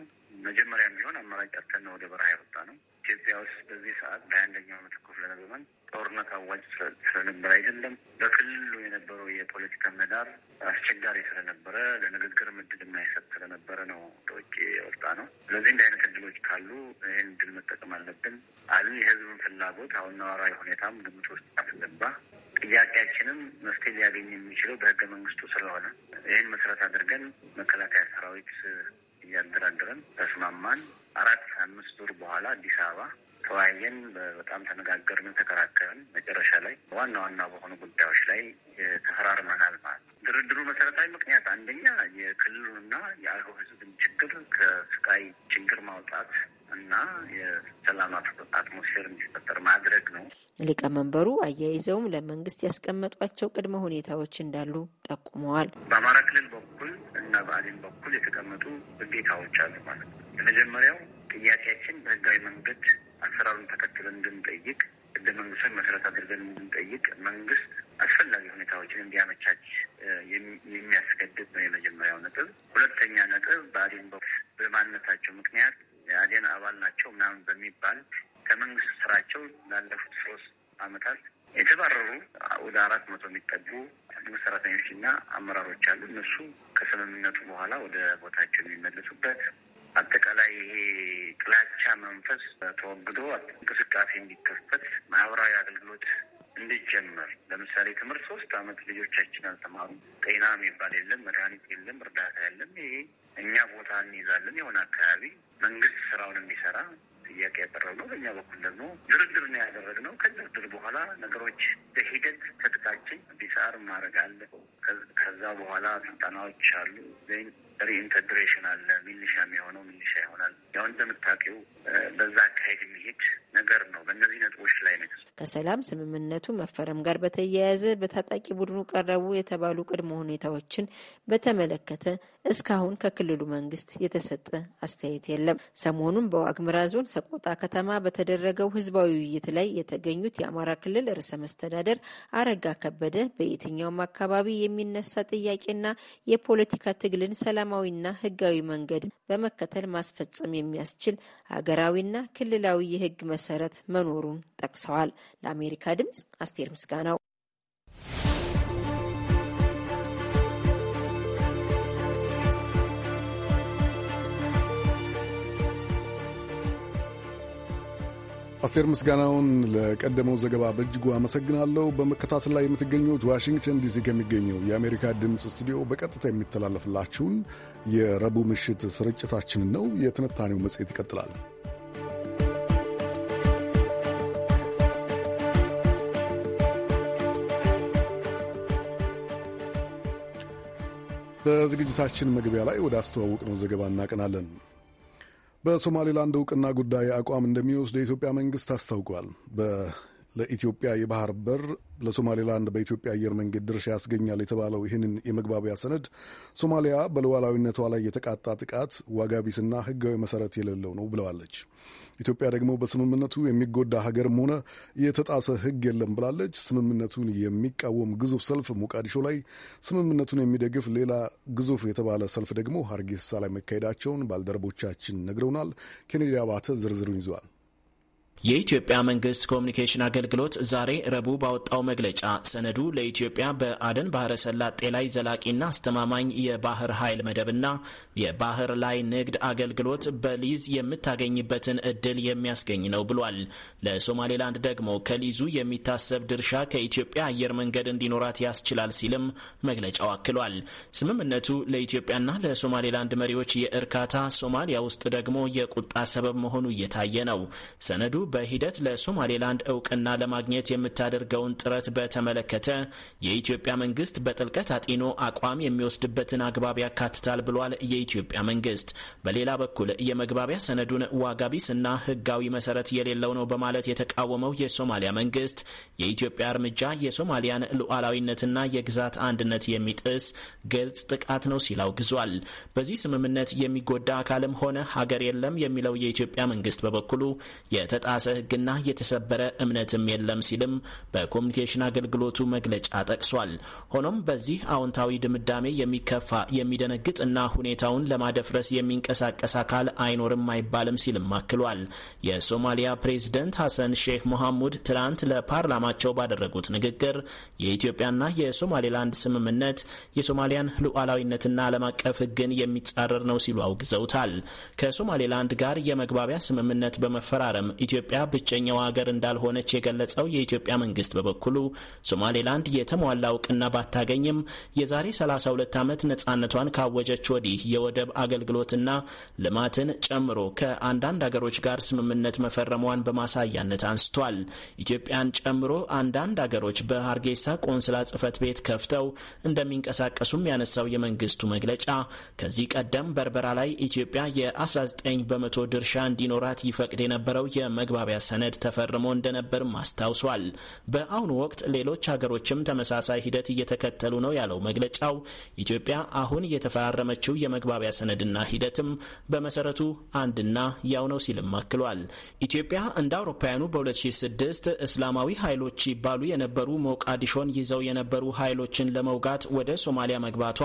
መጀመሪያም ቢሆን አማራጭ ወደ በረሃ የወጣ ነው ኢትዮጵያ ውስጥ በዚህ ሰዓት በአንደኛው ዓመት ክፍለ ዘመን ጦርነት አዋጅ ስለነበረ አይደለም በክልሉ የነበረው የፖለቲካ ምህዳር አስቸጋሪ ስለነበረ ለንግግር ምድል የማይሰጥ ስለነበረ ነው ከውጭ የወጣ ነው። ስለዚህ እንዲህ አይነት እድሎች ካሉ ይህን እድል መጠቀም አለብን አሉ። የህዝብን ፍላጎት አሁን ነዋራዊ ሁኔታም ግምት ውስጥ አስገባ። ጥያቄያችንም መፍትሄ ሊያገኝ የሚችለው በህገ መንግስቱ ስለሆነ ይህን መሰረት አድርገን መከላከያ ሰራዊት እያደራደረን ተስማማን። አራት አምስት ዙር በኋላ አዲስ አበባ ተወያየን። በጣም ተነጋገርን፣ ተከራከርን። መጨረሻ ላይ ዋና ዋና በሆኑ ጉዳዮች ላይ ተፈራርመናል ማለት ነው። ድርድሩ መሰረታዊ ምክንያት አንደኛ የክልሉና የአገው ሕዝብን ችግር ከስቃይ ችግር ማውጣት እና የሰላም አትሞስፌር እንዲፈጠር ማድረግ ነው። ሊቀመንበሩ አያይዘውም ለመንግስት ያስቀመጧቸው ቅድመ ሁኔታዎች እንዳሉ ጠቁመዋል። በአማራ ክልል በኩል እና በአዴን በኩል የተቀመጡ ግዴታዎች አሉ ማለት ነው። የመጀመሪያው ጥያቄያችን በህጋዊ መንገድ አሰራሩን ተከትለን እንድንጠይቅ ህገ መንግስቱን መሰረት አድርገን እንድንጠይቅ መንግስት አስፈላጊ ሁኔታዎችን እንዲያመቻች የሚያስገድድ ነው የመጀመሪያው ነጥብ። ሁለተኛ ነጥብ በአዴን በማንነታቸው ምክንያት የአዴን አባል ናቸው ምናምን በሚባል ከመንግስት ስራቸው ላለፉት ሶስት አመታት የተባረሩ ወደ አራት መቶ የሚጠጉ መንግስት ሰራተኞች እና አመራሮች አሉ። እነሱ ከስምምነቱ በኋላ ወደ ቦታቸው የሚመለሱበት አጠቃላይ ይሄ ጥላቻ መንፈስ ተወግዶ እንቅስቃሴ እንዲከፈት ማህበራዊ አገልግሎት እንዲጀመር ለምሳሌ ትምህርት ሶስት አመት ልጆቻችን አልተማሩም። ጤና የሚባል የለም፣ መድኃኒት የለም፣ እርዳታ የለም። ይሄ እኛ ቦታ እንይዛለን የሆነ አካባቢ መንግስት ስራውን እንዲሰራ ጥያቄ ያቀረብነው። በእኛ በኩል ደግሞ ድርድር ነው ያደረግነው። ከድርድር በኋላ ነገሮች በሂደት ትጥቃችን ዲሳር ማድረግ አለ። ከዛ በኋላ ስልጠናዎች አሉ ሪኢንተግሬሽን አለ። ሚኒሻ የሚሆነው ሚኒሻ ይሆናል። ያው እንደምታውቂው በዛ አካሄድ የሚሄድ ነገር ነው። በእነዚህ ነጥቦች ላይ ነው ከሰላም ስምምነቱ መፈረም ጋር በተያያዘ በታጣቂ ቡድኑ ቀረቡ የተባሉ ቅድመ ሁኔታዎችን በተመለከተ እስካሁን ከክልሉ መንግስት የተሰጠ አስተያየት የለም። ሰሞኑን በዋግምራ ዞን ሰቆጣ ከተማ በተደረገው ህዝባዊ ውይይት ላይ የተገኙት የአማራ ክልል ርዕሰ መስተዳደር አረጋ ከበደ በየትኛውም አካባቢ የሚነሳ ጥያቄና የፖለቲካ ትግልን ሰላም ሰላማዊና ህጋዊ መንገድ በመከተል ማስፈጸም የሚያስችል ሀገራዊና ክልላዊ የህግ መሰረት መኖሩን ጠቅሰዋል። ለአሜሪካ ድምጽ አስቴር ምስጋናው አስቴር ምስጋናውን ለቀደመው ዘገባ በእጅጉ አመሰግናለሁ። በመከታተል ላይ የምትገኙት ዋሽንግተን ዲሲ ከሚገኘው የአሜሪካ ድምፅ ስቱዲዮ በቀጥታ የሚተላለፍላችሁን የረቡዕ ምሽት ስርጭታችንን ነው። የትንታኔው መጽሔት ይቀጥላል። በዝግጅታችን መግቢያ ላይ ወደ አስተዋወቅ ነው ዘገባ እናቀናለን። በሶማሌላንድ እውቅና ጉዳይ አቋም እንደሚወስድ የኢትዮጵያ መንግስት አስታውቋል። ለኢትዮጵያ የባህር በር ለሶማሌላንድ በኢትዮጵያ አየር መንገድ ድርሻ ያስገኛል የተባለው ይህንን የመግባቢያ ሰነድ ሶማሊያ በሉዓላዊነቷ ላይ የተቃጣ ጥቃት ዋጋቢስና ሕጋዊ መሰረት የሌለው ነው ብለዋለች። ኢትዮጵያ ደግሞ በስምምነቱ የሚጎዳ ሀገርም ሆነ የተጣሰ ሕግ የለም ብላለች። ስምምነቱን የሚቃወም ግዙፍ ሰልፍ ሞቃዲሾ ላይ፣ ስምምነቱን የሚደግፍ ሌላ ግዙፍ የተባለ ሰልፍ ደግሞ ሀርጌሳ ላይ መካሄዳቸውን ባልደረቦቻችን ነግረውናል። ኬኔዲ አባተ ዝርዝሩን ይዘዋል። የኢትዮጵያ መንግስት ኮሚኒኬሽን አገልግሎት ዛሬ ረቡዕ ባወጣው መግለጫ ሰነዱ ለኢትዮጵያ በአደን ባህረ ሰላጤ ላይ ዘላቂና አስተማማኝ የባህር ኃይል መደብና የባህር ላይ ንግድ አገልግሎት በሊዝ የምታገኝበትን እድል የሚያስገኝ ነው ብሏል። ለሶማሌላንድ ደግሞ ከሊዙ የሚታሰብ ድርሻ ከኢትዮጵያ አየር መንገድ እንዲኖራት ያስችላል ሲልም መግለጫው አክሏል። ስምምነቱ ለኢትዮጵያና ለሶማሌላንድ መሪዎች የእርካታ፣ ሶማሊያ ውስጥ ደግሞ የቁጣ ሰበብ መሆኑ እየታየ ነው። ሰነዱ በሂደት ለሶማሌላንድ እውቅና ለማግኘት የምታደርገውን ጥረት በተመለከተ የኢትዮጵያ መንግስት በጥልቀት አጢኖ አቋም የሚወስድበትን አግባብ ያካትታል ብሏል። የኢትዮጵያ መንግስት በሌላ በኩል የመግባቢያ ሰነዱን ዋጋቢስና ህጋዊ መሰረት የሌለው ነው በማለት የተቃወመው የሶማሊያ መንግስት የኢትዮጵያ እርምጃ የሶማሊያን ሉዓላዊነትና የግዛት አንድነት የሚጥስ ግልጽ ጥቃት ነው ሲል አውግዟል። በዚህ ስምምነት የሚጎዳ አካልም ሆነ ሀገር የለም የሚለው የኢትዮጵያ መንግስት በበኩሉ የተጣ የጣሰ ህግና የተሰበረ እምነትም የለም ሲልም በኮሚኒኬሽን አገልግሎቱ መግለጫ ጠቅሷል። ሆኖም በዚህ አዎንታዊ ድምዳሜ የሚከፋ የሚደነግጥ እና ሁኔታውን ለማደፍረስ የሚንቀሳቀስ አካል አይኖርም አይባልም ሲልም አክሏል። የሶማሊያ ፕሬዝደንት ሐሰን ሼክ ሞሐሙድ ትናንት ለፓርላማቸው ባደረጉት ንግግር የኢትዮጵያና የሶማሌላንድ ስምምነት የሶማሊያን ሉዓላዊነትና ዓለም አቀፍ ህግን የሚጻረር ነው ሲሉ አውግዘውታል። ከሶማሌላንድ ጋር የመግባቢያ ስምምነት በመፈራረም ኢትዮጵያ ኢትዮጵያ ብቸኛው ሀገር እንዳልሆነች የገለጸው የኢትዮጵያ መንግስት በበኩሉ ሶማሌላንድ የተሟላ እውቅና ባታገኝም የዛሬ 32 ዓመት ነፃነቷን ካወጀች ወዲህ የወደብ አገልግሎትና ልማትን ጨምሮ ከአንዳንድ ሀገሮች ጋር ስምምነት መፈረሟን በማሳያነት አንስቷል። ኢትዮጵያን ጨምሮ አንዳንድ ሀገሮች በሀርጌሳ ቆንስላ ጽህፈት ቤት ከፍተው እንደሚንቀሳቀሱም ያነሳው የመንግስቱ መግለጫ ከዚህ ቀደም በርበራ ላይ ኢትዮጵያ የ19 በመቶ ድርሻ እንዲኖራት ይፈቅድ የነበረው የመግባ የመግባቢያ ሰነድ ተፈርሞ እንደነበርም አስታውሷል። በአሁኑ ወቅት ሌሎች ሀገሮችም ተመሳሳይ ሂደት እየተከተሉ ነው ያለው መግለጫው ኢትዮጵያ አሁን የተፈራረመችው የመግባቢያ ሰነድና ሂደትም በመሰረቱ አንድና ያው ነው ሲልም አክሏል። ኢትዮጵያ እንደ አውሮፓውያኑ በ2006 እስላማዊ ኃይሎች ይባሉ የነበሩ ሞቃዲሾን ይዘው የነበሩ ኃይሎችን ለመውጋት ወደ ሶማሊያ መግባቷ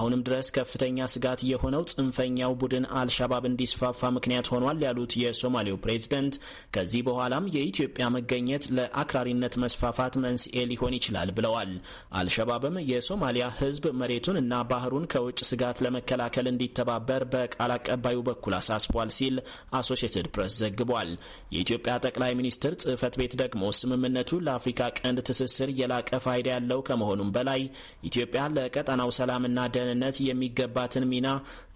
አሁንም ድረስ ከፍተኛ ስጋት የሆነው ጽንፈኛው ቡድን አልሻባብ እንዲስፋፋ ምክንያት ሆኗል ያሉት የሶማሌው ፕሬዚደንት ከዚህ በኋላም የኢትዮጵያ መገኘት ለአክራሪነት መስፋፋት መንስኤ ሊሆን ይችላል ብለዋል። አልሸባብም የሶማሊያ ህዝብ መሬቱን እና ባህሩን ከውጭ ስጋት ለመከላከል እንዲተባበር በቃል አቀባዩ በኩል አሳስቧል ሲል አሶሽትድ ፕሬስ ዘግቧል። የኢትዮጵያ ጠቅላይ ሚኒስትር ጽህፈት ቤት ደግሞ ስምምነቱ ለአፍሪካ ቀንድ ትስስር የላቀ ፋይዳ ያለው ከመሆኑም በላይ ኢትዮጵያ ለቀጠናው ሰላምና ደህንነት የሚገባትን ሚና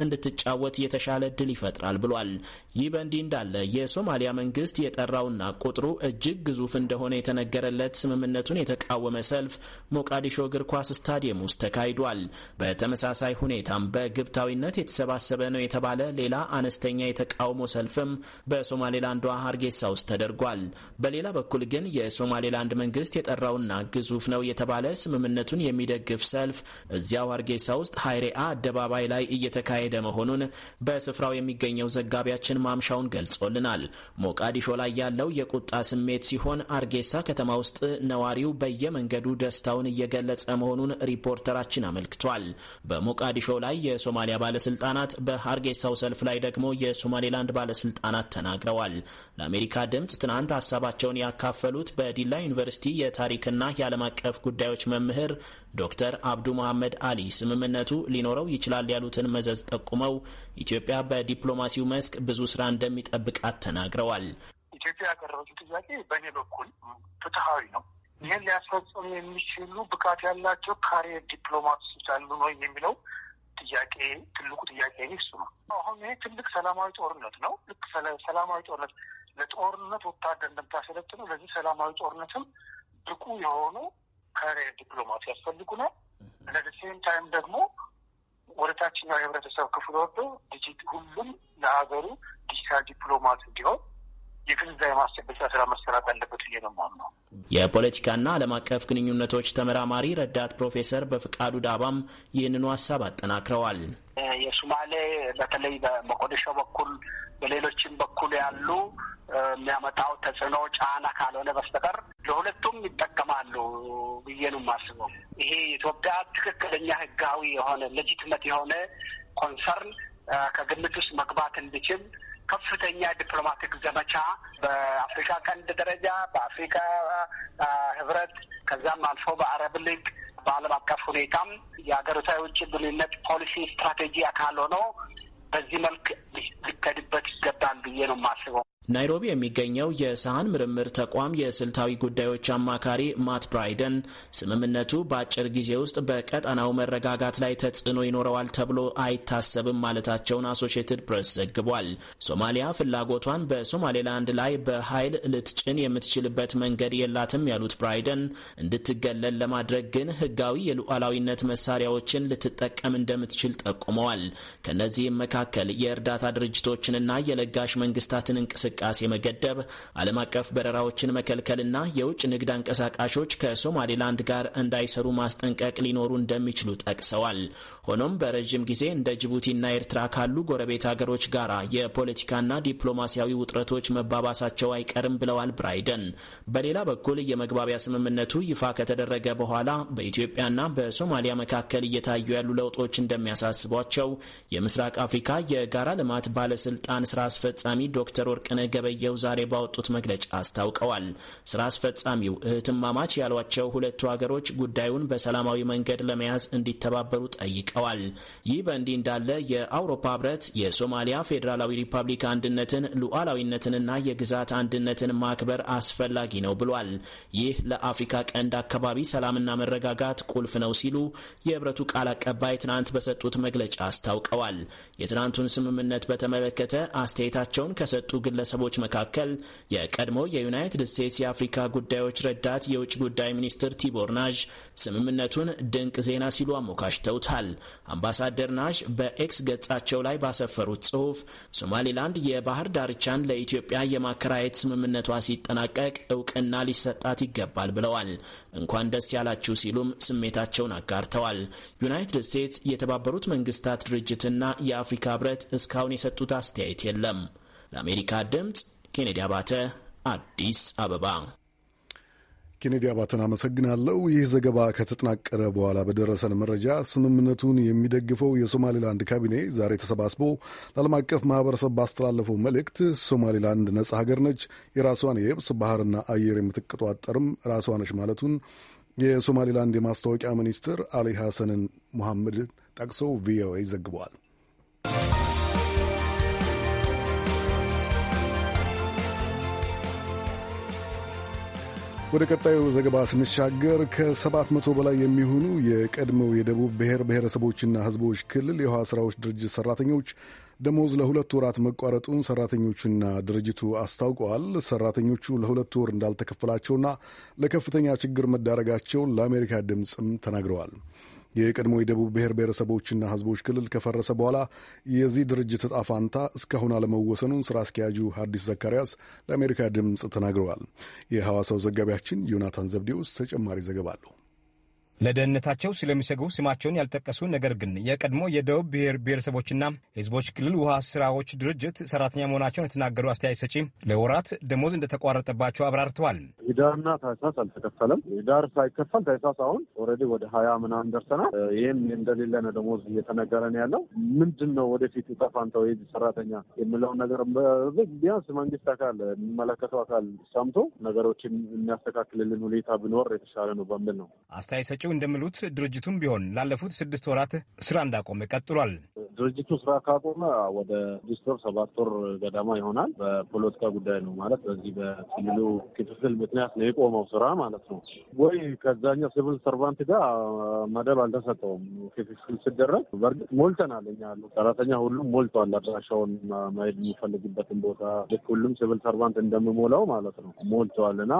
እንድትጫወት የተሻለ እድል ይፈጥራል ብሏል። ይህ በእንዲህ እንዳለ የሶማሊያ መንግስት መንግስት የጠራውና ቁጥሩ እጅግ ግዙፍ እንደሆነ የተነገረለት ስምምነቱን የተቃወመ ሰልፍ ሞቃዲሾ እግር ኳስ ስታዲየም ውስጥ ተካሂዷል። በተመሳሳይ ሁኔታም በግብታዊነት የተሰባሰበ ነው የተባለ ሌላ አነስተኛ የተቃውሞ ሰልፍም በሶማሌላንዷ ሀርጌሳ ውስጥ ተደርጓል። በሌላ በኩል ግን የሶማሌላንድ መንግስት የጠራውና ግዙፍ ነው የተባለ ስምምነቱን የሚደግፍ ሰልፍ እዚያው ሀርጌሳ ውስጥ ሀይሬአ አደባባይ ላይ እየተካሄደ መሆኑን በስፍራው የሚገኘው ዘጋቢያችን ማምሻውን ገልጾልናል። ሞቃዲሾ ሞቃዲሾ ላይ ያለው የቁጣ ስሜት ሲሆን አርጌሳ ከተማ ውስጥ ነዋሪው በየመንገዱ ደስታውን እየገለጸ መሆኑን ሪፖርተራችን አመልክቷል። በሞቃዲሾ ላይ የሶማሊያ ባለስልጣናት፣ በሀርጌሳው ሰልፍ ላይ ደግሞ የሶማሌላንድ ባለስልጣናት ተናግረዋል። ለአሜሪካ ድምፅ ትናንት ሀሳባቸውን ያካፈሉት በዲላ ዩኒቨርሲቲ የታሪክና የዓለም አቀፍ ጉዳዮች መምህር ዶክተር አብዱ መሐመድ አሊ ስምምነቱ ሊኖረው ይችላል ያሉትን መዘዝ ጠቁመው ኢትዮጵያ በዲፕሎማሲው መስክ ብዙ ስራ እንደሚጠብቃት ተናግረዋል። ኢትዮጵያ ያቀረበችው ጥያቄ በእኔ በኩል ፍትሀዊ ነው። ይህን ሊያስፈጽሙ የሚችሉ ብቃት ያላቸው ካሪየር ዲፕሎማቶች አሉ ነው የሚለው ጥያቄ ትልቁ ጥያቄ እሱ ነው። አሁን ይሄ ትልቅ ሰላማዊ ጦርነት ነው። ልክ ሰላማዊ ጦርነት ለጦርነት ወታደር እንደምታሰለጥነው ለዚህ ሰላማዊ ጦርነትም ብቁ የሆኑ ካሪየር ዲፕሎማት ያስፈልጉ ነው። ያስፈልጉናል። ሴም ታይም ደግሞ ወደ ታችኛው የህብረተሰብ ክፍል ወርዶ ዲጂት ሁሉም ለሀገሩ ዲጂታል ዲፕሎማት እንዲሆን የግንዛቤ ማስጨበጫ ስራ መሰራት አለበት ብዬ ነው የማምነው። የፖለቲካና ዓለም አቀፍ ግንኙነቶች ተመራማሪ ረዳት ፕሮፌሰር በፍቃዱ ዳባም ይህንኑ ሀሳብ አጠናክረዋል። የሱማሌ በተለይ በመቆደሻ በኩል በሌሎችም በኩል ያሉ የሚያመጣው ተጽዕኖ ጫና ካልሆነ በስተቀር ለሁለቱም ይጠቀማሉ ብዬ ነው የማስበው። ይሄ ኢትዮጵያ ትክክለኛ ህጋዊ የሆነ ሌጂትመት የሆነ ኮንሰርን ከግምት ውስጥ መግባት እንዲችል ከፍተኛ ዲፕሎማቲክ ዘመቻ በአፍሪካ ቀንድ ደረጃ በአፍሪካ ህብረት ከዛም አልፎ በአረብ ሊግ በዓለም አቀፍ ሁኔታም የሀገሪቷ የውጭ ግንኙነት ፖሊሲ ስትራቴጂ አካል ሆኖ በዚህ መልክ ሊከድበት ይገባል ብዬ ነው የማስበው። ናይሮቢ የሚገኘው የሰሃን ምርምር ተቋም የስልታዊ ጉዳዮች አማካሪ ማት ብራይደን ስምምነቱ በአጭር ጊዜ ውስጥ በቀጠናው መረጋጋት ላይ ተጽዕኖ ይኖረዋል ተብሎ አይታሰብም ማለታቸውን አሶሽትድ ፕሬስ ዘግቧል። ሶማሊያ ፍላጎቷን በሶማሌላንድ ላይ በኃይል ልትጭን የምትችልበት መንገድ የላትም ያሉት ብራይደን እንድትገለል ለማድረግ ግን ህጋዊ የሉዓላዊነት መሳሪያዎችን ልትጠቀም እንደምትችል ጠቁመዋል። ከእነዚህም መካከል የእርዳታ ድርጅቶችንና የለጋሽ መንግስታትን እንቅስቃሴ እንቅስቃሴ መገደብ፣ ዓለም አቀፍ በረራዎችን መከልከልና የውጭ ንግድ አንቀሳቃሾች ከሶማሌላንድ ጋር እንዳይሰሩ ማስጠንቀቅ ሊኖሩ እንደሚችሉ ጠቅሰዋል። ሆኖም በረዥም ጊዜ እንደ ጅቡቲና ኤርትራ ካሉ ጎረቤት ሀገሮች ጋር የፖለቲካና ዲፕሎማሲያዊ ውጥረቶች መባባሳቸው አይቀርም ብለዋል ብራይደን። በሌላ በኩል የመግባቢያ ስምምነቱ ይፋ ከተደረገ በኋላ በኢትዮጵያና በሶማሊያ መካከል እየታዩ ያሉ ለውጦች እንደሚያሳስቧቸው የምስራቅ አፍሪካ የጋራ ልማት ባለስልጣን ስራ አስፈጻሚ ዶክተር ወርቅነ ገበየው ዛሬ ባወጡት መግለጫ አስታውቀዋል። ስራ አስፈጻሚው እህትማማች ያሏቸው ሁለቱ ሀገሮች ጉዳዩን በሰላማዊ መንገድ ለመያዝ እንዲተባበሩ ጠይቀዋል። ይህ በእንዲህ እንዳለ የአውሮፓ ህብረት የሶማሊያ ፌዴራላዊ ሪፐብሊክ አንድነትን፣ ሉዓላዊነትንና የግዛት አንድነትን ማክበር አስፈላጊ ነው ብሏል። ይህ ለአፍሪካ ቀንድ አካባቢ ሰላምና መረጋጋት ቁልፍ ነው ሲሉ የህብረቱ ቃል አቀባይ ትናንት በሰጡት መግለጫ አስታውቀዋል። የትናንቱን ስምምነት በተመለከተ አስተያየታቸውን ከሰጡ ግለሰ ግለሰቦች መካከል የቀድሞ የዩናይትድ ስቴትስ የአፍሪካ ጉዳዮች ረዳት የውጭ ጉዳይ ሚኒስትር ቲቦር ናዥ ስምምነቱን ድንቅ ዜና ሲሉ አሞካሽተውታል። አምባሳደር ናዥ በኤክስ ገጻቸው ላይ ባሰፈሩት ጽሑፍ ሶማሌላንድ የባህር ዳርቻን ለኢትዮጵያ የማከራየት ስምምነቷ ሲጠናቀቅ እውቅና ሊሰጣት ይገባል ብለዋል። እንኳን ደስ ያላችሁ ሲሉም ስሜታቸውን አጋርተዋል። ዩናይትድ ስቴትስ የተባበሩት መንግስታት ድርጅትና የአፍሪካ ህብረት እስካሁን የሰጡት አስተያየት የለም። ለአሜሪካ ድምፅ ኬኔዲ አባተ አዲስ አበባ። ኬኔዲ አባተን አመሰግናለሁ። ይህ ዘገባ ከተጠናቀረ በኋላ በደረሰን መረጃ ስምምነቱን የሚደግፈው የሶማሌላንድ ካቢኔ ዛሬ ተሰባስቦ ለዓለም አቀፍ ማህበረሰብ ባስተላለፈው መልእክት ሶማሌላንድ ነጻ ሀገር ነች፣ የራሷን የብስ ባህርና አየር የምትቆጣጠርም ራሷ ነች ማለቱን የሶማሌላንድ የማስታወቂያ ሚኒስትር አሊ ሐሰንን ሙሐመድ ጠቅሰው ቪኦኤ ዘግበዋል። ወደ ቀጣዩ ዘገባ ስንሻገር ከ700 በላይ የሚሆኑ የቀድሞው የደቡብ ብሔር ብሔረሰቦችና ሕዝቦች ክልል የውሃ ስራዎች ድርጅት ሰራተኞች ደሞዝ ለሁለት ወራት መቋረጡን ሰራተኞቹና ድርጅቱ አስታውቀዋል። ሰራተኞቹ ለሁለት ወር እንዳልተከፈላቸውና ለከፍተኛ ችግር መዳረጋቸውን ለአሜሪካ ድምፅም ተናግረዋል። የቀድሞ የደቡብ ብሔር ብሔረሰቦችና ህዝቦች ክልል ከፈረሰ በኋላ የዚህ ድርጅት ዕጣ ፋንታ እስካሁን አለመወሰኑን ስራ አስኪያጁ ሐዲስ ዘካርያስ ለአሜሪካ ድምፅ ተናግረዋል። የሐዋሳው ዘጋቢያችን ዮናታን ዘብዴውስ ተጨማሪ ዘገባ አለው። ለደህንነታቸው ስለሚሰጉ ስማቸውን ያልጠቀሱ ነገር ግን የቀድሞ የደቡብ ብሔር ብሔረሰቦችና ሕዝቦች ክልል ውሃ ስራዎች ድርጅት ሰራተኛ መሆናቸውን የተናገሩ አስተያየት ሰጪ ለወራት ደሞዝ እንደተቋረጠባቸው አብራርተዋል። ሂዳርና ታህሳስ አልተከፈለም። ሂዳር ሳይከፈል ታህሳስ አሁን ኦልሬዲ ወደ ሀያ ምናምን ደርሰናል። ይህም እንደሌለ ነው ደሞዝ እየተነገረን ያለው። ምንድን ነው ወደፊት ዕጣ ፈንታው የዚህ ሰራተኛ የሚለውን ነገር ቢያንስ መንግስት አካል የሚመለከተው አካል ሰምቶ ነገሮችን የሚያስተካክልልን ሁኔታ ቢኖር የተሻለ ነው በሚል ነው አስተያየት ሰጪ ምንጫቸው እንደሚሉት ድርጅቱም ቢሆን ላለፉት ስድስት ወራት ስራ እንዳቆመ ቀጥሏል። ድርጅቱ ስራ ካቆመ ወደ ስድስት ወር ሰባት ወር ገደማ ይሆናል። በፖለቲካ ጉዳይ ነው ማለት በዚህ በክልሉ ክፍፍል ምክንያት ነው የቆመው ስራ ማለት ነው። ወይ ከዛኛው ሲቪል ሰርቫንት ጋር መደብ አልተሰጠውም ክፍፍል ሲደረግ። በእርግጥ ሞልተናል፣ እኛ ያሉ ሰራተኛ ሁሉም ሞልቷል። አድራሻውን መሄድ የሚፈልግበትን ቦታ ልክ ሁሉም ሲቪል ሰርቫንት እንደምሞላው ማለት ነው ሞልተዋል እና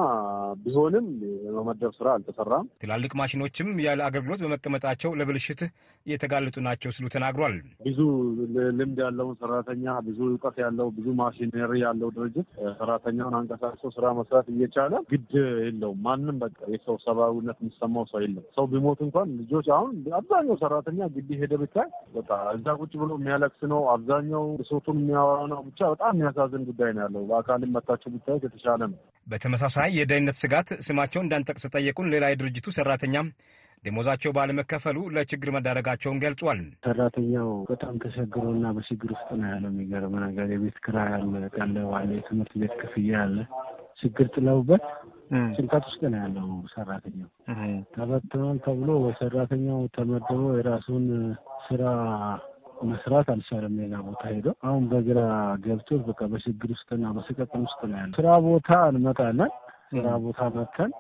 ቢሆንም የመመደብ ስራ አልተሰራም። ትላልቅ ማሽኖች ሰዎችም ያለ አገልግሎት በመቀመጣቸው ለብልሽት የተጋለጡ ናቸው ሲሉ ተናግሯል። ብዙ ልምድ ያለውን ሰራተኛ፣ ብዙ እውቀት ያለው ብዙ ማሽነሪ ያለው ድርጅት ሰራተኛውን አንቀሳቅሶ ስራ መስራት እየቻለ ግድ የለውም። ማንም በቃ የሰው ሰብአዊነት የሚሰማው ሰው የለም። ሰው ቢሞት እንኳን ልጆች አሁን አብዛኛው ሰራተኛ ግድ ሄደ ብታይ በቃ እዛ ቁጭ ብሎ የሚያለቅስ ነው። አብዛኛው ብሶቱን የሚያወራ ነው። ብቻ በጣም የሚያሳዝን ጉዳይ ነው ያለው። በአካል መታቸው ብታይ የተሻለ ነው። በተመሳሳይ የደህንነት ስጋት ስማቸውን እንዳንጠቅስ ጠየቁን ሌላ የድርጅቱ ሰራተኛ ደሞዛቸው ባለመከፈሉ ለችግር መዳረጋቸውን ገልጿል። ሰራተኛው በጣም ተቸግሮና በችግር ውስጥ ነው ያለው። የሚገርም ነገር የቤት ኪራይ አለ፣ ቀለ ዋለ፣ የትምህርት ቤት ክፍያ አለ። ችግር ጥለውበት ጭንቀት ውስጥ ነው ያለው ሰራተኛው። ተበትኗል ተብሎ በሰራተኛው ተመድቦ የራሱን ስራ መስራት አልቻለም። ሌላ ቦታ ሄዶ አሁን በግራ ገብቶ በቃ በችግር ውስጥና በስቀጥም ውስጥ ነው ያለ። ስራ ቦታ እንመጣለን። ስራ ቦታ መተን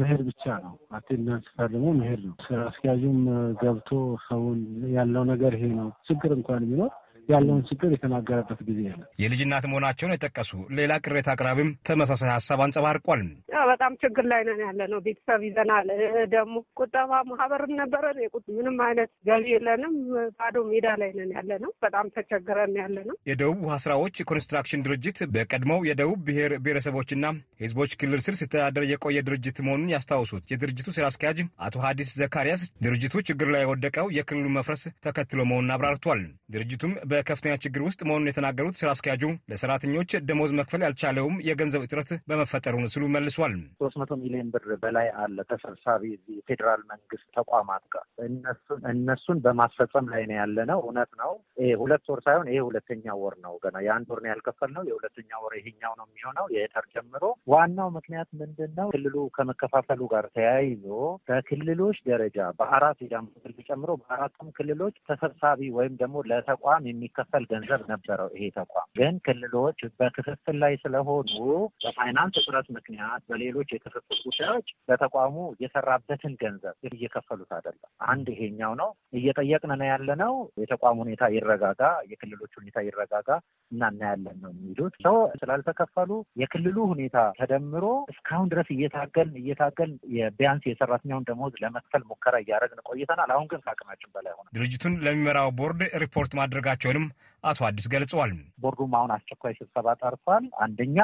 መሄድ ብቻ ነው። አቴንዳንስ ደግሞ መሄድ ነው። ስራ አስኪያጁም ገብቶ ሰውን ያለው ነገር ይሄ ነው። ችግር እንኳን ቢኖር ያለውን ችግር የተናገረበት ጊዜ የለም። የልጅናት መሆናቸውን የጠቀሱ ሌላ ቅሬታ አቅራቢም ተመሳሳይ ሀሳብ አንጸባርቋል። በጣም ችግር ላይ ነን ያለ ነው። ቤተሰብ ይዘናል። ደግሞ ቁጠባ ማህበርም ነበረን። ምንም አይነት ገቢ የለንም። ባዶ ሜዳ ላይ ነን ያለ ነው። በጣም ተቸግረን ያለ ነው። የደቡብ ውሃ ስራዎች ኮንስትራክሽን ድርጅት በቀድሞው የደቡብ ብሔር ብሔረሰቦችና ህዝቦች ክልል ስር ሲተዳደር የቆየ ድርጅት መሆኑን ያስታውሱት የድርጅቱ ስራ አስኪያጅ አቶ ሀዲስ ዘካሪያስ ድርጅቱ ችግር ላይ የወደቀው የክልሉ መፍረስ ተከትሎ መሆኑን አብራርቷል። ድርጅቱም በከፍተኛ ችግር ውስጥ መሆኑን የተናገሩት ስራ አስኪያጁ ለሰራተኞች ደሞዝ መክፈል ያልቻለውም የገንዘብ እጥረት በመፈጠሩ ነው ሲሉ መልሷል። ሶስት መቶ ሚሊዮን ብር በላይ አለ ተሰብሳቢ የፌዴራል መንግስት ተቋማት ጋር እነሱን እነሱን በማስፈጸም ላይ ነው ያለ ነው። እውነት ነው። ይሄ ሁለት ወር ሳይሆን ይሄ ሁለተኛ ወር ነው። ገና የአንድ ወር ነው ያልከፈል ነው። የሁለተኛ ወር ይሄኛው ነው የሚሆነው የህዳር ጀምሮ። ዋናው ምክንያት ምንድን ነው? ክልሉ ከመከፋፈሉ ጋር ተያይዞ በክልሎች ደረጃ በአራት ዳም ጨምሮ በአራቱም ክልሎች ተሰብሳቢ ወይም ደግሞ ለተቋም የሚከፈል ገንዘብ ነበረው ይሄ ተቋም። ግን ክልሎች በክፍፍል ላይ ስለሆኑ በፋይናንስ እጥረት ምክንያት፣ በሌሎች የክፍፍል ጉዳዮች ለተቋሙ የሰራበትን ገንዘብ እየከፈሉት አይደለም። አንድ ይሄኛው ነው። እየጠየቅን ነው ያለነው የተቋሙ ሁኔታ ይረጋጋ፣ የክልሎች ሁኔታ ይረጋጋ እና እናያለን ነው የሚሉት ሰው ስላልተከፈሉ የክልሉ ሁኔታ ተደምሮ እስካሁን ድረስ እየታገልን እየታገልን ቢያንስ የሰራተኛውን ደሞዝ ለመክፈል ሙከራ እያደረግን ቆይተናል። አሁን ግን ከአቅማችን በላይ ሆነ። ድርጅቱን ለሚመራው ቦርድ ሪፖርት ማድረጋቸው መሆናቸውንም አቶ አዲስ ገልጸዋል። ቦርዱም አሁን አስቸኳይ ስብሰባ ጠርቷል። አንደኛ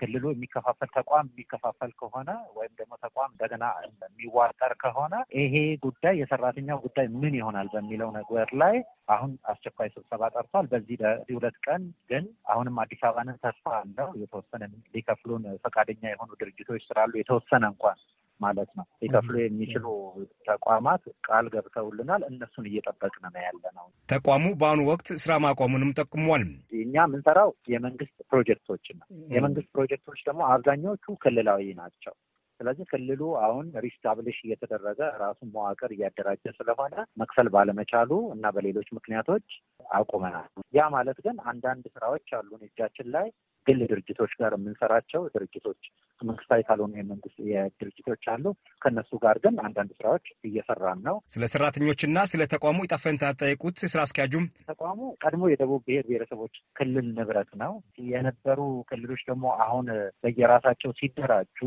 ክልሉ የሚከፋፈል ተቋም የሚከፋፈል ከሆነ ወይም ደግሞ ተቋም እንደገና የሚዋቀር ከሆነ ይሄ ጉዳይ የሰራተኛው ጉዳይ ምን ይሆናል በሚለው ነገር ላይ አሁን አስቸኳይ ስብሰባ ጠርቷል። በዚህ ሁለት ቀን ግን አሁንም አዲስ አበባንን ተስፋ አለው የተወሰነ ሊከፍሉን ፈቃደኛ የሆኑ ድርጅቶች ስላሉ የተወሰነ እንኳን ማለት ነው ሊከፍሉ የሚችሉ ተቋማት ቃል ገብተውልናል። እነሱን እየጠበቅን ነው ያለ ነው። ተቋሙ በአሁኑ ወቅት ስራ ማቋሙንም ጠቁሟል። እኛ የምንሰራው የመንግስት ፕሮጀክቶች ነው። የመንግስት ፕሮጀክቶች ደግሞ አብዛኛዎቹ ክልላዊ ናቸው። ስለዚህ ክልሉ አሁን ሪስታብሊሽ እየተደረገ ራሱን መዋቅር እያደራጀ ስለሆነ መክፈል ባለመቻሉ እና በሌሎች ምክንያቶች አቁመናል። ያ ማለት ግን አንዳንድ ስራዎች አሉን እጃችን ላይ ግል ድርጅቶች ጋር የምንሰራቸው ድርጅቶች መንግስታዊ ካልሆኑ የመንግስት የድርጅቶች አሉ። ከእነሱ ጋር ግን አንዳንድ ስራዎች እየሰራን ነው። ስለ ሰራተኞችና ስለ ተቋሙ ይጠፈንታ ጠይቁት ስራ አስኪያጁም ተቋሙ ቀድሞ የደቡብ ብሔር ብሔረሰቦች ክልል ንብረት ነው። የነበሩ ክልሎች ደግሞ አሁን በየራሳቸው ሲደራጁ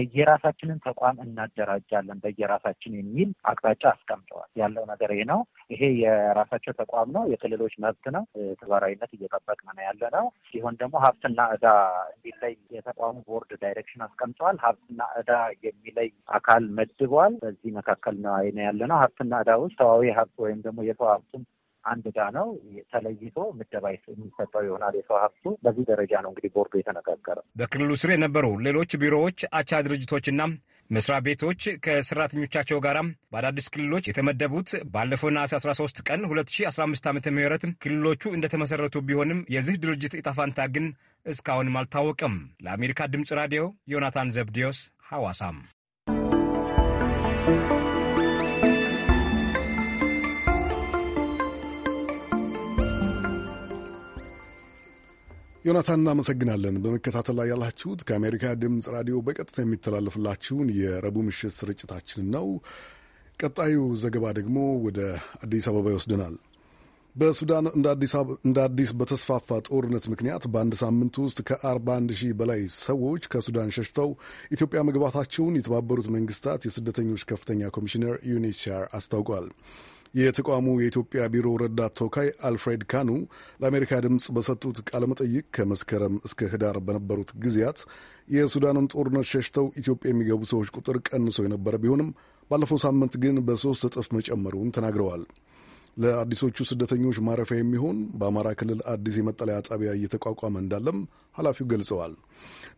የየራሳችንን ተቋም እናደራጃለን በየራሳችን የሚል አቅጣጫ አስቀምጠዋል። ያለው ነገር ይሄ ነው። ይሄ የራሳቸው ተቋም ነው። የክልሎች መብት ነው። ተግባራዊነት እየጠበቅን ነው ያለ ነው ሲሆን ደግሞ ሀብትና እዳ እንዲለይ የተቋሙ ቦርድ ዳይሬክሽን አስቀምጠዋል። ሀብትና እዳ የሚለይ አካል መድቧል። በዚህ መካከል ነው አይነ ያለ ነው። ሀብትና እዳ ውስጥ ተዋዊ ሀብት ወይም ደግሞ የሰው ሀብቱም አንድ እዳ ነው ተለይቶ ምደባ የሚሰጠው ይሆናል። የሰው ሀብቱ በዚህ ደረጃ ነው እንግዲህ ቦርዱ የተነጋገረ። በክልሉ ስር የነበሩ ሌሎች ቢሮዎች፣ አቻ ድርጅቶችና መስሪያ ቤቶች ከሰራተኞቻቸው ጋር በአዳዲስ ክልሎች የተመደቡት ባለፈው ነሐሴ 13 ቀን 2015 ዓ ም ክልሎቹ እንደተመሰረቱ ቢሆንም የዚህ ድርጅት ዕጣ ፈንታ ግን እስካሁንም አልታወቀም። ለአሜሪካ ድምፅ ራዲዮ ዮናታን ዘብዲዮስ ሐዋሳም ዮናታን እናመሰግናለን። በመከታተል ላይ ያላችሁት ከአሜሪካ ድምፅ ራዲዮ በቀጥታ የሚተላለፍላችሁን የረቡዕ ምሽት ስርጭታችንን ነው። ቀጣዩ ዘገባ ደግሞ ወደ አዲስ አበባ ይወስደናል። በሱዳን እንደ አዲስ በተስፋፋ ጦርነት ምክንያት በአንድ ሳምንት ውስጥ ከ41 ሺህ በላይ ሰዎች ከሱዳን ሸሽተው ኢትዮጵያ መግባታቸውን የተባበሩት መንግስታት የስደተኞች ከፍተኛ ኮሚሽነር ዩኒሲር አስታውቋል። የተቋሙ የኢትዮጵያ ቢሮ ረዳት ተወካይ አልፍሬድ ካኑ ለአሜሪካ ድምፅ በሰጡት ቃለ መጠይቅ ከመስከረም እስከ ህዳር በነበሩት ጊዜያት የሱዳንን ጦርነት ሸሽተው ኢትዮጵያ የሚገቡ ሰዎች ቁጥር ቀንሶ የነበረ ቢሆንም ባለፈው ሳምንት ግን በሶስት እጥፍ መጨመሩን ተናግረዋል። ለአዲሶቹ ስደተኞች ማረፊያ የሚሆን በአማራ ክልል አዲስ የመጠለያ ጣቢያ እየተቋቋመ እንዳለም ኃላፊው ገልጸዋል።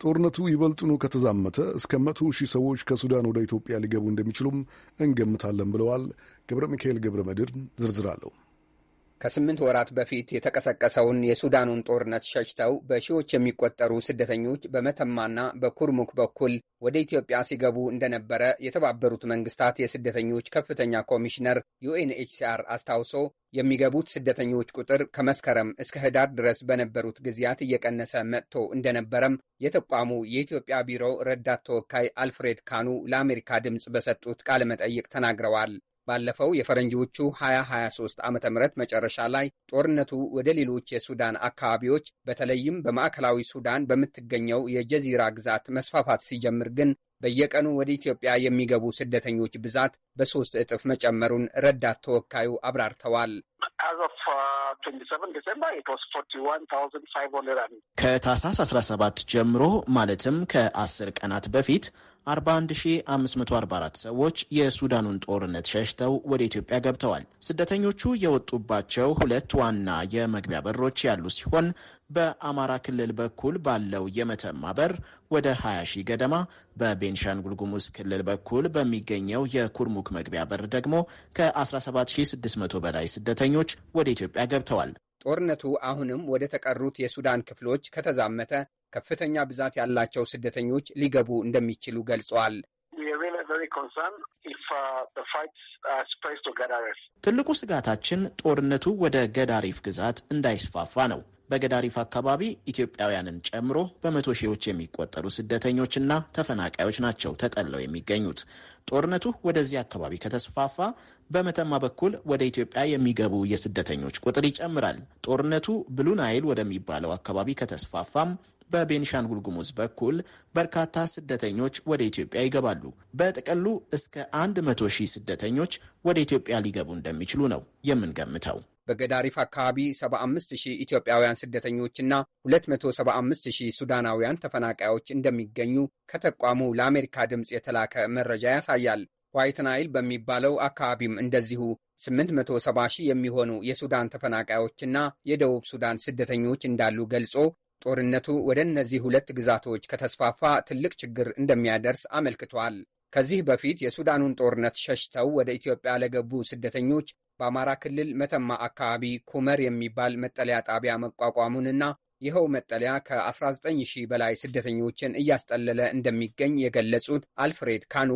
ጦርነቱ ይበልጥኑ ከተዛመተ እስከ መቶ ሺህ ሰዎች ከሱዳን ወደ ኢትዮጵያ ሊገቡ እንደሚችሉም እንገምታለን ብለዋል። ገብረ ሚካኤል ገብረ መድር ዝርዝር አለው። ከስምንት ወራት በፊት የተቀሰቀሰውን የሱዳኑን ጦርነት ሸሽተው በሺዎች የሚቆጠሩ ስደተኞች በመተማና በኩርሙክ በኩል ወደ ኢትዮጵያ ሲገቡ እንደነበረ የተባበሩት መንግስታት የስደተኞች ከፍተኛ ኮሚሽነር ዩኤንኤችሲአር አስታውሶ የሚገቡት ስደተኞች ቁጥር ከመስከረም እስከ ህዳር ድረስ በነበሩት ጊዜያት እየቀነሰ መጥቶ እንደነበረም የተቋሙ የኢትዮጵያ ቢሮ ረዳት ተወካይ አልፍሬድ ካኑ ለአሜሪካ ድምፅ በሰጡት ቃለመጠይቅ ተናግረዋል። ባለፈው የፈረንጆቹ 2023 ዓ ም መጨረሻ ላይ ጦርነቱ ወደ ሌሎች የሱዳን አካባቢዎች በተለይም በማዕከላዊ ሱዳን በምትገኘው የጀዚራ ግዛት መስፋፋት ሲጀምር ግን በየቀኑ ወደ ኢትዮጵያ የሚገቡ ስደተኞች ብዛት በሶስት እጥፍ መጨመሩን ረዳት ተወካዩ አብራርተዋል። uh, ከታህሳስ 17 ጀምሮ ማለትም ከ10 ቀናት በፊት 41544 ሰዎች የሱዳኑን ጦርነት ሸሽተው ወደ ኢትዮጵያ ገብተዋል። ስደተኞቹ የወጡባቸው ሁለት ዋና የመግቢያ በሮች ያሉ ሲሆን በአማራ ክልል በኩል ባለው የመተማ በር ወደ 20 ሺህ ገደማ፣ በቤንሻንጉል ጉሙዝ ክልል በኩል በሚገኘው የኩርሙክ መግቢያ በር ደግሞ ከ17600 በላይ ስደተኞች ወደ ኢትዮጵያ ገብተዋል። ጦርነቱ አሁንም ወደ ተቀሩት የሱዳን ክፍሎች ከተዛመተ ከፍተኛ ብዛት ያላቸው ስደተኞች ሊገቡ እንደሚችሉ ገልጸዋል። uh, uh, ትልቁ ስጋታችን ጦርነቱ ወደ ገዳሪፍ ግዛት እንዳይስፋፋ ነው። በገዳሪፍ አካባቢ ኢትዮጵያውያንን ጨምሮ በመቶ ሺዎች የሚቆጠሩ ስደተኞችና ተፈናቃዮች ናቸው ተጠለው የሚገኙት። ጦርነቱ ወደዚህ አካባቢ ከተስፋፋ በመተማ በኩል ወደ ኢትዮጵያ የሚገቡ የስደተኞች ቁጥር ይጨምራል። ጦርነቱ ብሉ ናይል ወደሚባለው አካባቢ ከተስፋፋም በቤኒሻንጉል ጉሙዝ በኩል በርካታ ስደተኞች ወደ ኢትዮጵያ ይገባሉ። በጥቅሉ እስከ አንድ መቶ ሺህ ስደተኞች ወደ ኢትዮጵያ ሊገቡ እንደሚችሉ ነው የምንገምተው። በገዳሪፍ አካባቢ 75000 ኢትዮጵያውያን ስደተኞችና 275000 ሱዳናውያን ተፈናቃዮች እንደሚገኙ ከተቋሙ ለአሜሪካ ድምፅ የተላከ መረጃ ያሳያል። ዋይት ናይል በሚባለው አካባቢም እንደዚሁ 870 ሺህ የሚሆኑ የሱዳን ተፈናቃዮችና የደቡብ ሱዳን ስደተኞች እንዳሉ ገልጾ ጦርነቱ ወደ እነዚህ ሁለት ግዛቶች ከተስፋፋ ትልቅ ችግር እንደሚያደርስ አመልክቷል። ከዚህ በፊት የሱዳኑን ጦርነት ሸሽተው ወደ ኢትዮጵያ ለገቡ ስደተኞች በአማራ ክልል መተማ አካባቢ ኩመር የሚባል መጠለያ ጣቢያ መቋቋሙንና ይኸው መጠለያ ከ19,000 በላይ ስደተኞችን እያስጠለለ እንደሚገኝ የገለጹት አልፍሬድ ካኑ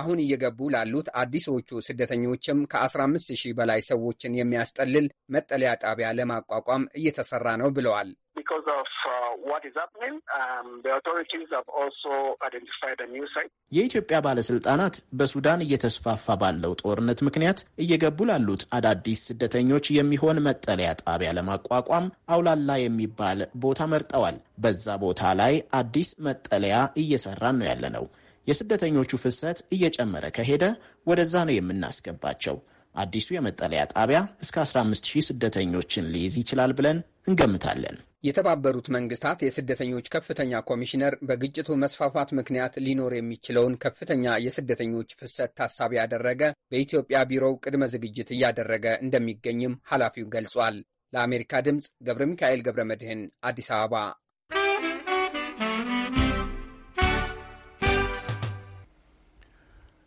አሁን እየገቡ ላሉት አዲሶቹ ስደተኞችም ከ15,000 በላይ ሰዎችን የሚያስጠልል መጠለያ ጣቢያ ለማቋቋም እየተሰራ ነው ብለዋል። because of uh, what is happening. Um, the authorities have also identified a new site. የኢትዮጵያ ባለስልጣናት በሱዳን እየተስፋፋ ባለው ጦርነት ምክንያት እየገቡ ላሉት አዳዲስ ስደተኞች የሚሆን መጠለያ ጣቢያ ለማቋቋም አውላላ የሚባል ቦታ መርጠዋል። በዛ ቦታ ላይ አዲስ መጠለያ እየሰራን ነው ያለ ነው። የስደተኞቹ ፍሰት እየጨመረ ከሄደ ወደዛ ነው የምናስገባቸው። አዲሱ የመጠለያ ጣቢያ እስከ ሺህ ስደተኞችን ሊይዝ ይችላል ብለን እንገምታለን። የተባበሩት መንግስታት የስደተኞች ከፍተኛ ኮሚሽነር በግጭቱ መስፋፋት ምክንያት ሊኖር የሚችለውን ከፍተኛ የስደተኞች ፍሰት ታሳቢ ያደረገ በኢትዮጵያ ቢሮው ቅድመ ዝግጅት እያደረገ እንደሚገኝም ኃላፊው ገልጿል። ለአሜሪካ ድምፅ ገብረ ሚካኤል ገብረ መድህን አዲስ አበባ።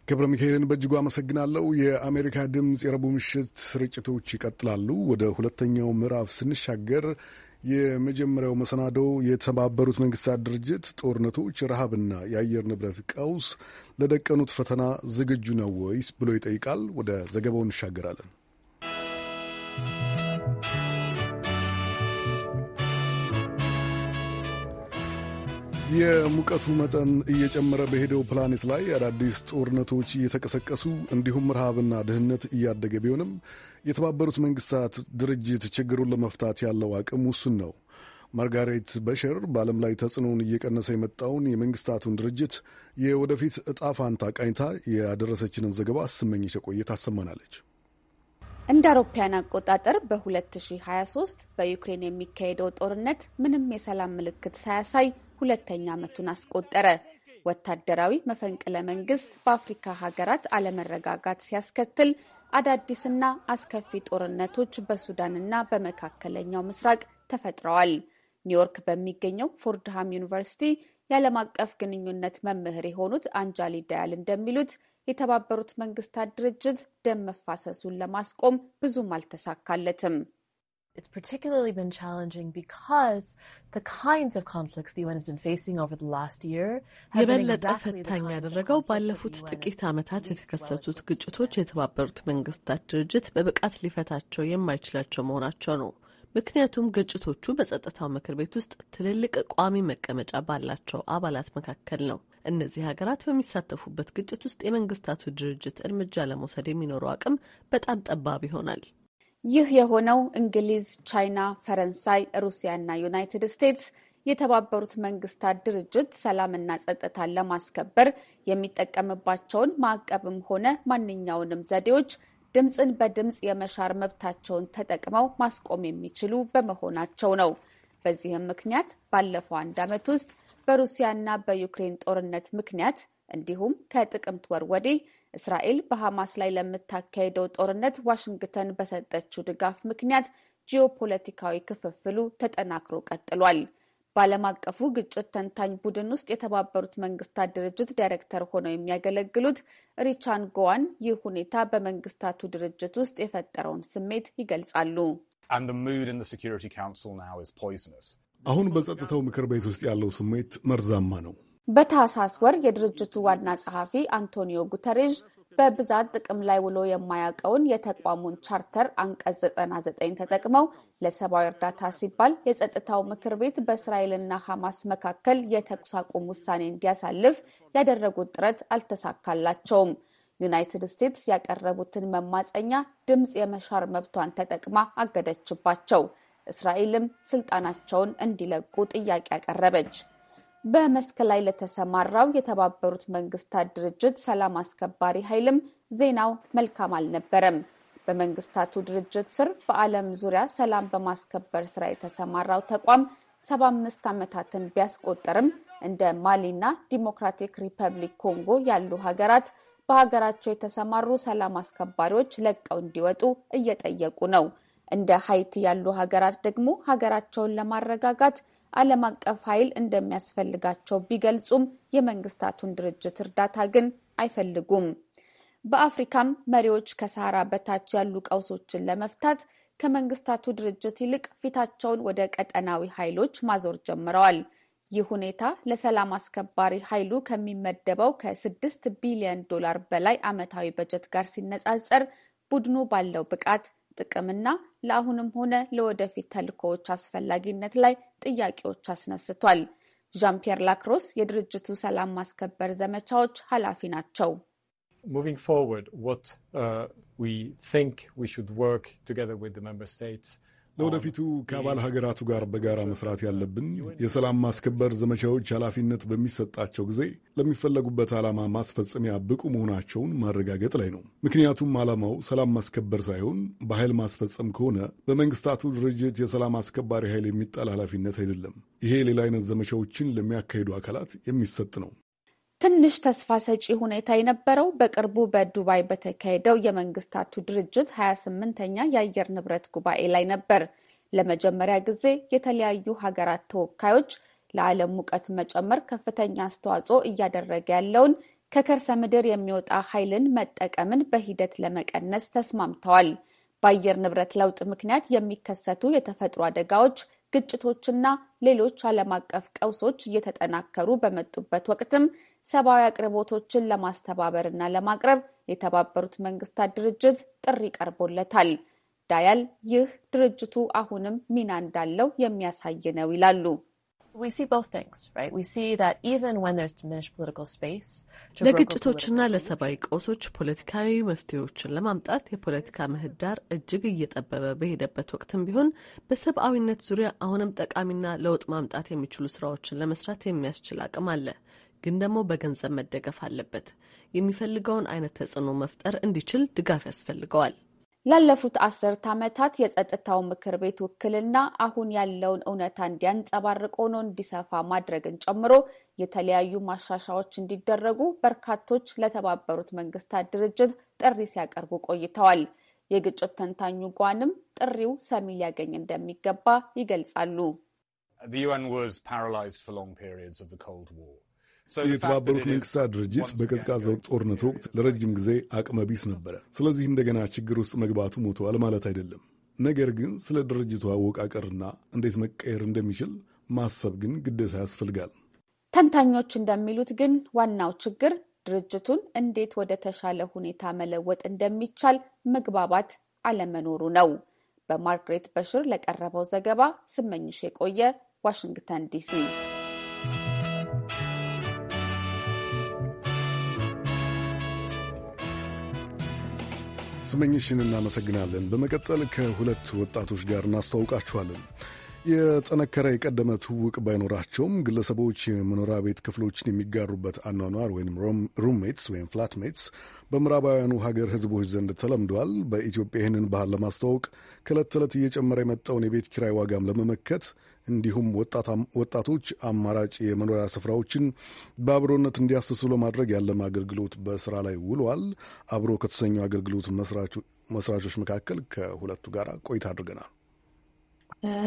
ገብረ ሚካኤልን በእጅጉ አመሰግናለሁ። የአሜሪካ ድምፅ የረቡዕ ምሽት ስርጭቶች ይቀጥላሉ። ወደ ሁለተኛው ምዕራፍ ስንሻገር የመጀመሪያው መሰናዶ የተባበሩት መንግስታት ድርጅት ጦርነቶች፣ ረሃብና የአየር ንብረት ቀውስ ለደቀኑት ፈተና ዝግጁ ነው ወይስ ብሎ ይጠይቃል። ወደ ዘገባው እንሻገራለን። የሙቀቱ መጠን እየጨመረ በሄደው ፕላኔት ላይ አዳዲስ ጦርነቶች እየተቀሰቀሱ እንዲሁም ረሃብና ድህነት እያደገ ቢሆንም የተባበሩት መንግስታት ድርጅት ችግሩን ለመፍታት ያለው አቅም ውሱን ነው። ማርጋሬት በሸር በዓለም ላይ ተጽዕኖውን እየቀነሰ የመጣውን የመንግስታቱን ድርጅት የወደፊት እጣ ፋንታ ቃኝታ ያደረሰችንን ዘገባ አስመኝሸ ቆየ አሰማናለች። እንደ አውሮፓያን አቆጣጠር በ2023 በዩክሬን የሚካሄደው ጦርነት ምንም የሰላም ምልክት ሳያሳይ ሁለተኛ ዓመቱን አስቆጠረ። ወታደራዊ መፈንቅለ መንግስት በአፍሪካ ሀገራት አለመረጋጋት ሲያስከትል አዳዲስና አስከፊ ጦርነቶች በሱዳንና በመካከለኛው ምስራቅ ተፈጥረዋል። ኒውዮርክ በሚገኘው ፎርድሃም ዩኒቨርሲቲ የዓለም አቀፍ ግንኙነት መምህር የሆኑት አንጃሊ ዳያል እንደሚሉት የተባበሩት መንግስታት ድርጅት ደም መፋሰሱን ለማስቆም ብዙም አልተሳካለትም። It's particularly been challenging because the kinds of conflicts the UN has been facing over the last year የበለጠ ፈታኝ ያደረገው ባለፉት ጥቂት ዓመታት የተከሰቱት ግጭቶች የተባበሩት መንግስታት ድርጅት በብቃት ሊፈታቸው የማይችላቸው መሆናቸው ነው። ምክንያቱም ግጭቶቹ በጸጥታው ምክር ቤት ውስጥ ትልልቅ ቋሚ መቀመጫ ባላቸው አባላት መካከል ነው። እነዚህ ሀገራት በሚሳተፉበት ግጭት ውስጥ የመንግስታቱ ድርጅት እርምጃ ለመውሰድ የሚኖረው አቅም በጣም ጠባብ ይሆናል። ይህ የሆነው እንግሊዝ፣ ቻይና፣ ፈረንሳይ፣ ሩሲያና ዩናይትድ ስቴትስ የተባበሩት መንግስታት ድርጅት ሰላምና ጸጥታን ለማስከበር የሚጠቀምባቸውን ማዕቀብም ሆነ ማንኛውንም ዘዴዎች ድምፅን በድምፅ የመሻር መብታቸውን ተጠቅመው ማስቆም የሚችሉ በመሆናቸው ነው። በዚህም ምክንያት ባለፈው አንድ ዓመት ውስጥ በሩሲያና በዩክሬን ጦርነት ምክንያት እንዲሁም ከጥቅምት ወር ወዲህ እስራኤል በሐማስ ላይ ለምታካሄደው ጦርነት ዋሽንግተን በሰጠችው ድጋፍ ምክንያት ጂኦፖለቲካዊ ክፍፍሉ ተጠናክሮ ቀጥሏል። በዓለም አቀፉ ግጭት ተንታኝ ቡድን ውስጥ የተባበሩት መንግስታት ድርጅት ዳይሬክተር ሆነው የሚያገለግሉት ሪቻን ጎዋን ይህ ሁኔታ በመንግስታቱ ድርጅት ውስጥ የፈጠረውን ስሜት ይገልጻሉ። አሁን በጸጥታው ምክር ቤት ውስጥ ያለው ስሜት መርዛማ ነው። በታህሳስ ወር የድርጅቱ ዋና ጸሐፊ አንቶኒዮ ጉተሬዥ በብዛት ጥቅም ላይ ውሎ የማያውቀውን የተቋሙን ቻርተር አንቀጽ 99 ተጠቅመው ለሰብአዊ እርዳታ ሲባል የጸጥታው ምክር ቤት በእስራኤልና ሐማስ መካከል የተኩስ አቁም ውሳኔ እንዲያሳልፍ ያደረጉት ጥረት አልተሳካላቸውም። ዩናይትድ ስቴትስ ያቀረቡትን መማፀኛ ድምፅ የመሻር መብቷን ተጠቅማ አገደችባቸው። እስራኤልም ስልጣናቸውን እንዲለቁ ጥያቄ አቀረበች። በመስክ ላይ ለተሰማራው የተባበሩት መንግስታት ድርጅት ሰላም አስከባሪ ኃይልም ዜናው መልካም አልነበረም። በመንግስታቱ ድርጅት ስር በዓለም ዙሪያ ሰላም በማስከበር ስራ የተሰማራው ተቋም ሰባ አምስት ዓመታትን ቢያስቆጠርም እንደ ማሊና ዲሞክራቲክ ሪፐብሊክ ኮንጎ ያሉ ሀገራት በሀገራቸው የተሰማሩ ሰላም አስከባሪዎች ለቀው እንዲወጡ እየጠየቁ ነው። እንደ ሀይቲ ያሉ ሀገራት ደግሞ ሀገራቸውን ለማረጋጋት ዓለም አቀፍ ኃይል እንደሚያስፈልጋቸው ቢገልጹም የመንግስታቱን ድርጅት እርዳታ ግን አይፈልጉም። በአፍሪካም መሪዎች ከሰሃራ በታች ያሉ ቀውሶችን ለመፍታት ከመንግስታቱ ድርጅት ይልቅ ፊታቸውን ወደ ቀጠናዊ ኃይሎች ማዞር ጀምረዋል። ይህ ሁኔታ ለሰላም አስከባሪ ኃይሉ ከሚመደበው ከስድስት ቢሊዮን ዶላር በላይ ዓመታዊ በጀት ጋር ሲነጻጸር ቡድኑ ባለው ብቃት ጥቅምና ለአሁንም ሆነ ለወደፊት ተልእኮዎች አስፈላጊነት ላይ ጥያቄዎች አስነስቷል። ዣን ፒየር ላክሮስ የድርጅቱ ሰላም ማስከበር ዘመቻዎች ኃላፊ ናቸው። ለወደፊቱ ከአባል ሀገራቱ ጋር በጋራ መስራት ያለብን የሰላም ማስከበር ዘመቻዎች ኃላፊነት በሚሰጣቸው ጊዜ ለሚፈለጉበት ዓላማ ማስፈጸሚያ ብቁ መሆናቸውን ማረጋገጥ ላይ ነው። ምክንያቱም ዓላማው ሰላም ማስከበር ሳይሆን በኃይል ማስፈጸም ከሆነ በመንግስታቱ ድርጅት የሰላም አስከባሪ ኃይል የሚጣል ኃላፊነት አይደለም። ይሄ ሌላ አይነት ዘመቻዎችን ለሚያካሂዱ አካላት የሚሰጥ ነው። ትንሽ ተስፋ ሰጪ ሁኔታ የነበረው በቅርቡ በዱባይ በተካሄደው የመንግስታቱ ድርጅት ሀያ ስምንተኛ የአየር ንብረት ጉባኤ ላይ ነበር። ለመጀመሪያ ጊዜ የተለያዩ ሀገራት ተወካዮች ለዓለም ሙቀት መጨመር ከፍተኛ አስተዋጽኦ እያደረገ ያለውን ከከርሰ ምድር የሚወጣ ኃይልን መጠቀምን በሂደት ለመቀነስ ተስማምተዋል። በአየር ንብረት ለውጥ ምክንያት የሚከሰቱ የተፈጥሮ አደጋዎች፣ ግጭቶችና ሌሎች ዓለም አቀፍ ቀውሶች እየተጠናከሩ በመጡበት ወቅትም ሰብአዊ አቅርቦቶችን ለማስተባበር እና ለማቅረብ የተባበሩት መንግስታት ድርጅት ጥሪ ቀርቦለታል። ዳያል ይህ ድርጅቱ አሁንም ሚና እንዳለው የሚያሳይ ነው ይላሉ። ለግጭቶችና ለሰብአዊ ቀውሶች ፖለቲካዊ መፍትሄዎችን ለማምጣት የፖለቲካ ምህዳር እጅግ እየጠበበ በሄደበት ወቅትም ቢሆን በሰብአዊነት ዙሪያ አሁንም ጠቃሚና ለውጥ ማምጣት የሚችሉ ስራዎችን ለመስራት የሚያስችል አቅም አለ። ግን ደግሞ በገንዘብ መደገፍ አለበት። የሚፈልገውን አይነት ተጽዕኖ መፍጠር እንዲችል ድጋፍ ያስፈልገዋል። ላለፉት አስርት ዓመታት የጸጥታው ምክር ቤት ውክልና አሁን ያለውን እውነታ እንዲያንጸባርቅ ሆኖ እንዲሰፋ ማድረግን ጨምሮ የተለያዩ ማሻሻዎች እንዲደረጉ በርካቶች ለተባበሩት መንግስታት ድርጅት ጥሪ ሲያቀርቡ ቆይተዋል። የግጭት ተንታኙ ጓንም ጥሪው ሰሚ ሊያገኝ እንደሚገባ ይገልጻሉ። The UN was paralyzed for long periods of the Cold War. የተባበሩት መንግስታት ድርጅት በቀዝቃዛው ጦርነት ወቅት ለረጅም ጊዜ አቅመ ቢስ ነበረ። ስለዚህ እንደገና ችግር ውስጥ መግባቱ ሞተዋል ማለት አይደለም። ነገር ግን ስለ ድርጅቱ አወቃቀርና እንዴት መቀየር እንደሚችል ማሰብ ግን ግዴታ ያስፈልጋል። ተንታኞች እንደሚሉት ግን ዋናው ችግር ድርጅቱን እንዴት ወደ ተሻለ ሁኔታ መለወጥ እንደሚቻል መግባባት አለመኖሩ ነው። በማርግሬት በሽር ለቀረበው ዘገባ ስመኝሽ የቆየ ዋሽንግተን ዲሲ ስመኝሽን እናመሰግናለን። በመቀጠል ከሁለት ወጣቶች ጋር እናስተዋውቃችኋለን። የጠነከረ የቀደመ ትውውቅ ባይኖራቸውም ግለሰቦች የመኖሪያ ቤት ክፍሎችን የሚጋሩበት አኗኗር ወይም ሩምሜትስ ወይም ፍላትሜትስ በምዕራባውያኑ ሀገር ሕዝቦች ዘንድ ተለምዷል። በኢትዮጵያ ይህንን ባህል ለማስተዋወቅ ከዕለት ተዕለት እየጨመረ የመጣውን የቤት ኪራይ ዋጋም ለመመከት እንዲሁም ወጣቶች አማራጭ የመኖሪያ ስፍራዎችን በአብሮነት እንዲያስሱ ለማድረግ ያለም አገልግሎት በስራ ላይ ውሏል። አብሮ ከተሰኙ አገልግሎት መስራቾች መካከል ከሁለቱ ጋር ቆይታ አድርገናል።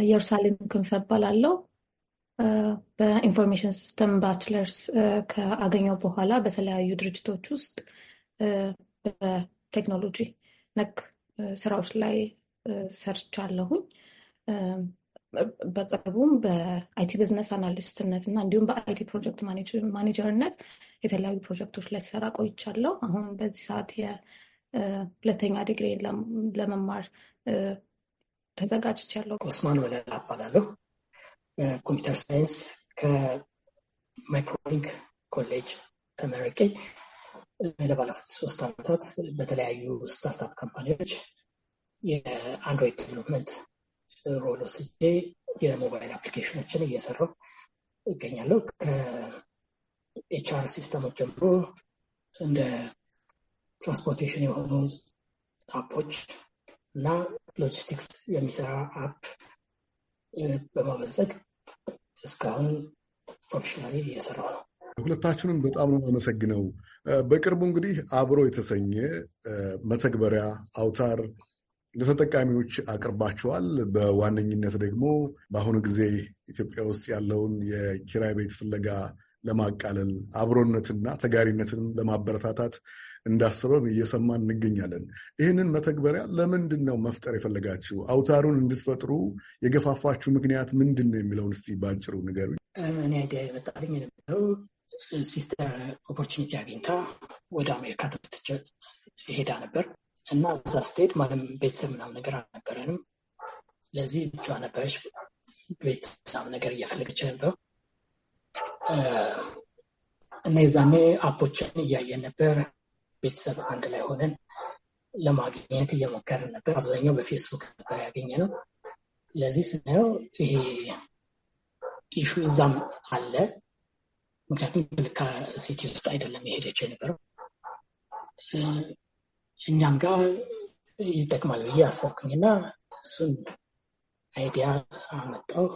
ኢየሩሳሌም ክንፈ እባላለሁ። በኢንፎርሜሽን ሲስተም ባችለርስ ከአገኘው በኋላ በተለያዩ ድርጅቶች ውስጥ በቴክኖሎጂ ነክ ስራዎች ላይ ሰርቻለሁኝ። በቅርቡም በአይቲ ቢዝነስ አናሊስትነት እና እንዲሁም በአይቲ ፕሮጀክት ማኔጀርነት የተለያዩ ፕሮጀክቶች ላይ ሰራ ቆይቻለሁ። አሁን በዚህ ሰዓት የሁለተኛ ዲግሪ ለመማር ተዘጋጅቻለሁ። ኦስማን ወለላ እባላለሁ። ኮምፒውተር ሳይንስ ከማይክሮሊንክ ኮሌጅ ተመርቄ ለባለፉት ሶስት ዓመታት በተለያዩ ስታርታፕ ካምፓኒዎች የአንድሮይድ ዴቨሎፕመንት ሮል ወስጄ የሞባይል አፕሊኬሽኖችን እየሰራው ይገኛለሁ። ከኤችአር ሲስተሞች ጀምሮ እንደ ትራንስፖርቴሽን የሆኑ አፖች እና ሎጂስቲክስ የሚሰራ አፕ በማበልጸግ እስካሁን ፕሮፌሽናሊ እየሰራው ነው። ሁለታችሁንም በጣም ነው አመሰግነው። በቅርቡ እንግዲህ አብሮ የተሰኘ መተግበሪያ አውታር ለተጠቃሚዎች አቅርባቸዋል። በዋነኝነት ደግሞ በአሁኑ ጊዜ ኢትዮጵያ ውስጥ ያለውን የኪራይ ቤት ፍለጋ ለማቃለል አብሮነትና ተጋሪነትን ለማበረታታት እንዳሰበም እየሰማን እንገኛለን። ይህንን መተግበሪያ ለምንድን ነው መፍጠር የፈለጋችሁ? አውታሩን እንድትፈጥሩ የገፋፋችሁ ምክንያት ምንድን ነው የሚለውን እስቲ በአጭሩ ንገሩኝ። እኔ አይዲያ የመጣልኝ የነበረው ሲስተር ኦፖርቹኒቲ አግኝታ ወደ አሜሪካ ትምህርት ሄዳ ነበር። እና እዛ ስትሄድ ማንም ቤተሰብ ምናም ነገር አልነበረንም። ስለዚህ ብቻ ነበረች። ቤት ነገር እየፈለገች ነበር እና የዛኔ አፖችን እያየን ነበር። ቤተሰብ አንድ ላይ ሆነን ለማግኘት እየሞከርን ነበር። አብዛኛው በፌስቡክ ነበር ያገኘ ነው። ለዚህ ስናየው ይሄ ኢሹ እዛም አለ። ምክንያቱም ልካ ሲቲ ውስጥ አይደለም የሄደች የነበረው እኛም ጋር ይጠቅማል ብዬ አሰብኩኝ እና እሱን አይዲያ አመጣው።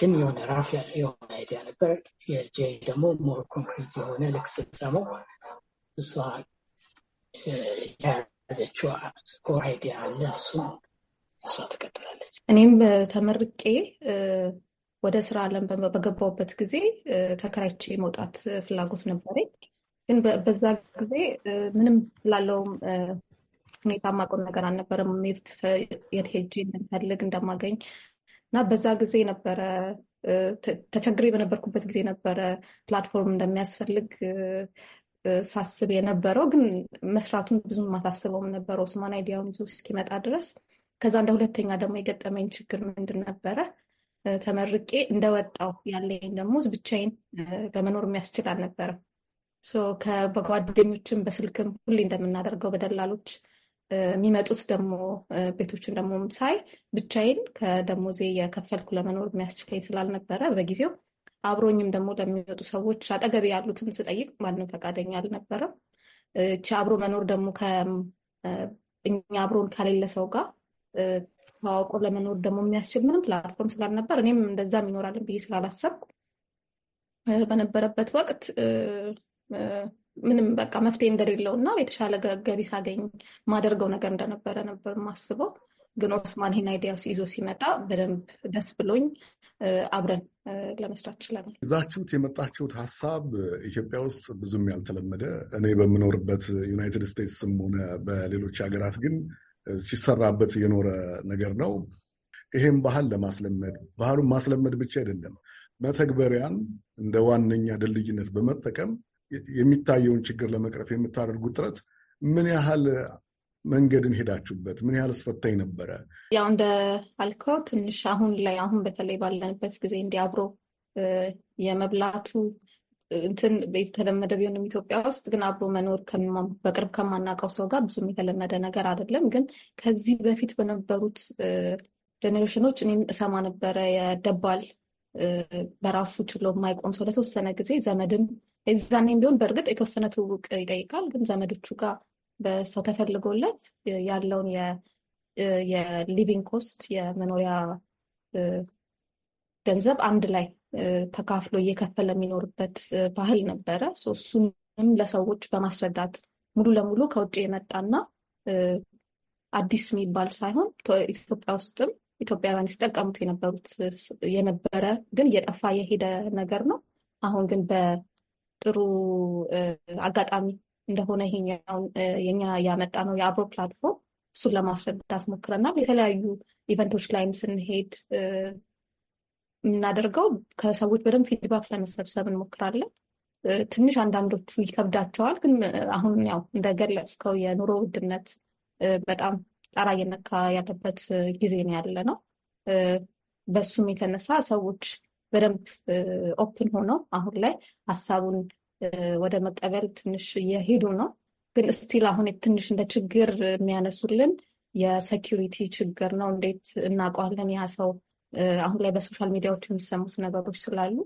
ግን የሆነ ራፍ የሆነ አይዲያ ነበር። የጄ ደግሞ ሞር ኮንክሪት የሆነ ልክ ስትሰማው እሷ የያዘችው ኮር አይዲያ አለ። እሱን እሷ ትቀጥላለች። እኔም ተመርቄ ወደ ስራ አለም በገባውበት ጊዜ ተከራይቼ መውጣት ፍላጎት ነበረኝ። ግን በዛ ጊዜ ምንም ስላለውም ሁኔታ ማቆም ነገር አልነበረም። የት ሄጄ እንደምፈልግ እንደማገኝ እና በዛ ጊዜ ነበረ ተቸግሬ በነበርኩበት ጊዜ ነበረ ፕላትፎርም እንደሚያስፈልግ ሳስብ የነበረው ግን መስራቱን ብዙም ማሳስበውም ነበረ ኦስማን አይዲያውን ይዞ እስኪመጣ ድረስ። ከዛ እንደ ሁለተኛ ደግሞ የገጠመኝ ችግር ምንድን ነበረ? ተመርቄ እንደወጣው ያለኝ ደግሞ ብቻዬን ለመኖር የሚያስችል አልነበረም። ከጓደኞችም በስልክም ሁሌ እንደምናደርገው በደላሎች የሚመጡት ደግሞ ቤቶችን ደግሞ ሳይ ብቻዬን ከደሞዜ የከፈልኩ ለመኖር የሚያስችለኝ ስላልነበረ በጊዜው አብሮኝም ደግሞ ለሚመጡ ሰዎች አጠገቤ ያሉትን ስጠይቅ ማንም ፈቃደኛ አልነበረም። እቺ አብሮ መኖር ደግሞ እኛ አብሮን ከሌለ ሰው ጋር ተዋውቆ ለመኖር ደግሞ የሚያስችል ምንም ፕላትፎርም ስላልነበር እኔም እንደዛም ይኖራልን ብዬ ስላላሰብኩ በነበረበት ወቅት ምንም በቃ መፍትሄ እንደሌለው እና የተሻለ ገቢ ሳገኝ ማደርገው ነገር እንደነበረ ነበር ማስበው። ግን ኦስማን ይህን አይዲያ ይዞ ሲመጣ በደንብ ደስ ብሎኝ አብረን ለመስራት ችለናል። ይዛችሁት የመጣችሁት ሀሳብ ኢትዮጵያ ውስጥ ብዙም ያልተለመደ እኔ በምኖርበት ዩናይትድ ስቴትስም ሆነ በሌሎች ሀገራት ግን ሲሰራበት የኖረ ነገር ነው። ይሄም ባህል ለማስለመድ ባህሉን ማስለመድ ብቻ አይደለም፣ መተግበሪያን እንደ ዋነኛ ድልድይነት በመጠቀም የሚታየውን ችግር ለመቅረፍ የምታደርጉት ጥረት ምን ያህል መንገድን ሄዳችሁበት? ምን ያህል አስፈታኝ ነበረ? ያው እንደ አልከው ትንሽ አሁን ላይ አሁን በተለይ ባለንበት ጊዜ እንዲህ አብሮ የመብላቱ እንትን የተለመደ ቢሆንም ኢትዮጵያ ውስጥ ግን አብሮ መኖር በቅርብ ከማናውቀው ሰው ጋር ብዙም የተለመደ ነገር አይደለም። ግን ከዚህ በፊት በነበሩት ጀኔሬሽኖች እኔም እሰማ ነበረ የደባል በራሱ ችሎ የማይቆም ሰው ለተወሰነ ጊዜ ዘመድም የዛኔም ቢሆን በእርግጥ የተወሰነ ትውውቅ ይጠይቃል። ግን ዘመዶቹ ጋር በሰው ተፈልጎለት ያለውን የሊቪንግ ኮስት የመኖሪያ ገንዘብ አንድ ላይ ተካፍሎ እየከፈለ የሚኖርበት ባህል ነበረ። እሱንም ለሰዎች በማስረዳት ሙሉ ለሙሉ ከውጭ የመጣና አዲስ የሚባል ሳይሆን ኢትዮጵያ ውስጥም ኢትዮጵያውያን ሲጠቀሙት የነበሩት የነበረ ግን እየጠፋ የሄደ ነገር ነው። አሁን ግን ጥሩ አጋጣሚ እንደሆነ ይሄኛውን የኛ ያመጣ ነው የአብሮ ፕላትፎርም እሱን ለማስረዳት ሞክረናል። የተለያዩ ኢቨንቶች ላይም ስንሄድ የምናደርገው ከሰዎች በደንብ ፊድባክ ለመሰብሰብ እንሞክራለን። ትንሽ አንዳንዶቹ ይከብዳቸዋል፣ ግን አሁን ያው እንደገለጽከው የኑሮ ውድነት በጣም ጣራ እየነካ ያለበት ጊዜ ነው ያለ ነው። በሱም የተነሳ ሰዎች በደንብ ኦፕን ሆኖ አሁን ላይ ሀሳቡን ወደ መቀበል ትንሽ እየሄዱ ነው። ግን እስቲል አሁን ትንሽ እንደ ችግር የሚያነሱልን የሴኪሪቲ ችግር ነው። እንዴት እናውቀዋለን ያ ሰው አሁን ላይ በሶሻል ሚዲያዎች የሚሰሙት ነገሮች ስላሉ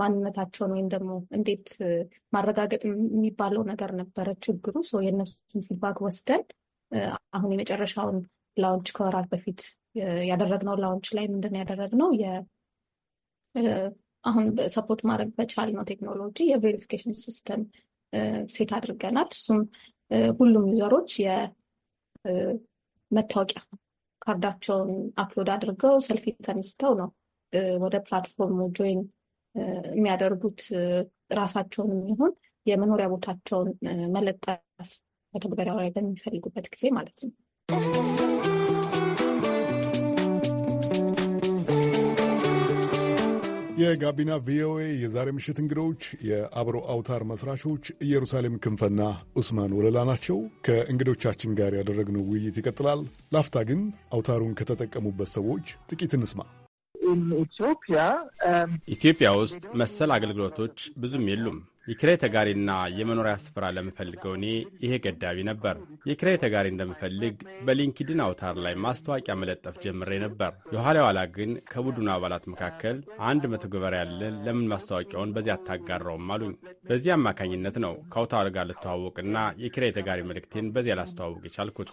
ማንነታቸውን ወይም ደግሞ እንዴት ማረጋገጥ የሚባለው ነገር ነበረ ችግሩ። የእነሱን ፊድባክ ወስደን አሁን የመጨረሻውን ላውንች ከወራት በፊት ያደረግነው ላውንች ላይ ምንድን ያደረግነው አሁን ሰፖርት ማድረግ በቻል ነው ቴክኖሎጂ የቬሪፊኬሽን ሲስተም ሴት አድርገናል። እሱም ሁሉም ዩዘሮች የመታወቂያ ካርዳቸውን አፕሎድ አድርገው ሰልፊ ተነስተው ነው ወደ ፕላትፎርሙ ጆይን የሚያደርጉት። ራሳቸውንም ይሁን የመኖሪያ ቦታቸውን መለጠፍ በተግበሪያው ላይ በሚፈልጉበት ጊዜ ማለት ነው። የጋቢና ቪኦኤ የዛሬ ምሽት እንግዶች የአብሮ አውታር መስራቾች ኢየሩሳሌም ክንፈና ኡስማን ወለላ ናቸው። ከእንግዶቻችን ጋር ያደረግነው ውይይት ይቀጥላል። ላፍታ ግን አውታሩን ከተጠቀሙበት ሰዎች ጥቂት እንስማ። ኢትዮጵያ ውስጥ መሰል አገልግሎቶች ብዙም የሉም። የኪራይ ተጋሪና የመኖሪያ ስፍራ ለምፈልገው እኔ ይሄ ገዳቢ ነበር። የክሬ ተጋሪ እንደምፈልግ በሊንክድን አውታር ላይ ማስታወቂያ መለጠፍ ጀምሬ ነበር። የኋላ ኋላ ግን ከቡድኑ አባላት መካከል አንድ መተግበሪያ ያለን ለምን ማስታወቂያውን በዚህ አታጋራውም አሉኝ። በዚህ አማካኝነት ነው ከአውታር ጋር ልተዋወቅና የኪራይ ተጋሪ መልእክቴን በዚህ ላስተዋወቅ የቻልኩት።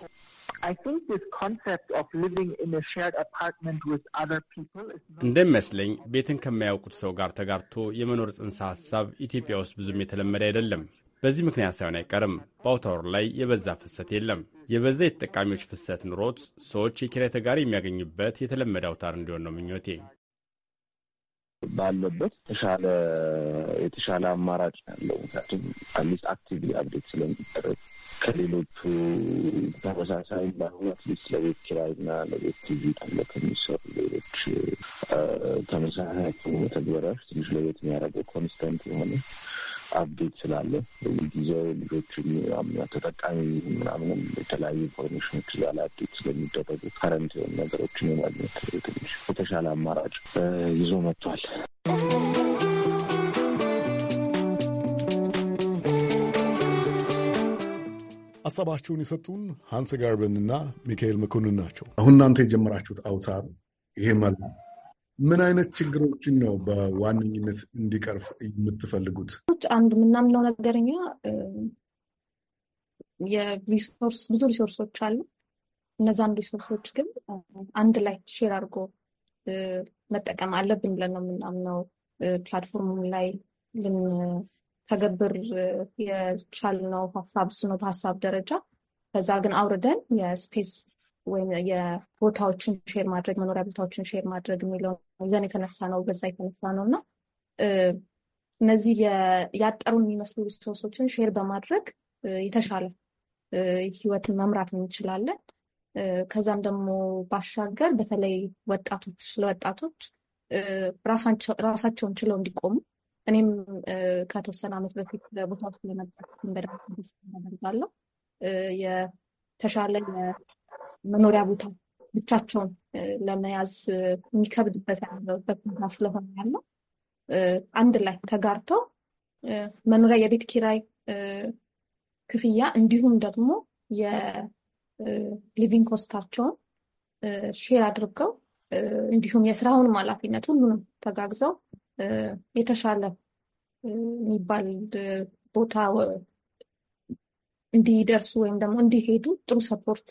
እንደሚመስለኝ ቤትን ከማያውቁት ሰው ጋር ተጋርቶ የመኖር ጽንሰ ሐሳብ ኢትዮጵያ ውስጥ ብዙም የተለመደ አይደለም። በዚህ ምክንያት ሳይሆን አይቀርም በአውታወር ላይ የበዛ ፍሰት የለም። የበዛ የተጠቃሚዎች ፍሰት ኑሮት ሰዎች የኪራይ ተጋሪ የሚያገኙበት የተለመደ አውታር እንዲሆን ነው ምኞቴ። ባለበት የተሻለ አማራጭ ያለው ምክንያቱም አትሊስት አክቲቭሊ አብዴት ስለሚደረግ ከሌሎቹ ተመሳሳይ ባይሆኑ አትሊስት ለቤት ኪራይና ለቤት ቲቪ ተብለው ከሚሰሩ ሌሎች ተመሳሳይ መተግበሪያዎች ትንሽ ለቤት የሚያደርገው ኮንስተንት የሆነ አፕዴት ስላለ ጊዜው ልጆች ተጠቃሚ ምናምንም የተለያዩ ኢንፎርሜሽኖች ዛለ አፕዴት ስለሚደረጉ ከረንት የሆኑ ነገሮችን የማግኘት ትንሽ የተሻለ አማራጭ ይዞ መጥቷል። ሀሳባቸውን የሰጡን ሀንስ ጋርበን እና ሚካኤል መኮንን ናቸው። አሁን እናንተ የጀመራችሁት አውታር ይሄ መላ ምን አይነት ችግሮችን ነው በዋነኝነት እንዲቀርፍ የምትፈልጉት? አንድ የምናምነው ነገርኛ የሪሶርስ ብዙ ሪሶርሶች አሉ። እነዛን ሪሶርሶች ግን አንድ ላይ ሼር አድርጎ መጠቀም አለብን ብለን ነው የምናምነው። ፕላትፎርም ላይ ተገብር የቻልነው ሀሳብ እሱ ነው በሀሳብ ደረጃ። ከዛ ግን አውርደን የስፔስ ወይም የቦታዎችን ሼር ማድረግ መኖሪያ ቦታዎችን ሼር ማድረግ የሚለው ይዘን የተነሳ ነው። በዛ የተነሳ ነው እና እነዚህ ያጠሩን የሚመስሉ ሪሶርሶችን ሼር በማድረግ የተሻለ ህይወትን መምራት እንችላለን። ከዛም ደግሞ ባሻገር በተለይ ወጣቶች ለወጣቶች ራሳቸውን ችለው እንዲቆሙ እኔም ከተወሰነ ዓመት በፊት በቦታ ውስጥ ለመጣት በደንብ አደርጋለሁ። የተሻለ የመኖሪያ ቦታ ብቻቸውን ለመያዝ የሚከብድበት ያለበት ቦታ ስለሆነ ያለው አንድ ላይ ተጋርተው መኖሪያ የቤት ኪራይ ክፍያ እንዲሁም ደግሞ የሊቪንግ ኮስታቸውን ሼር አድርገው እንዲሁም የስራውን ኃላፊነት ሁሉንም ተጋግዘው የተሻለ የሚባል ቦታ እንዲደርሱ ወይም ደግሞ እንዲሄዱ ጥሩ ሰፖርት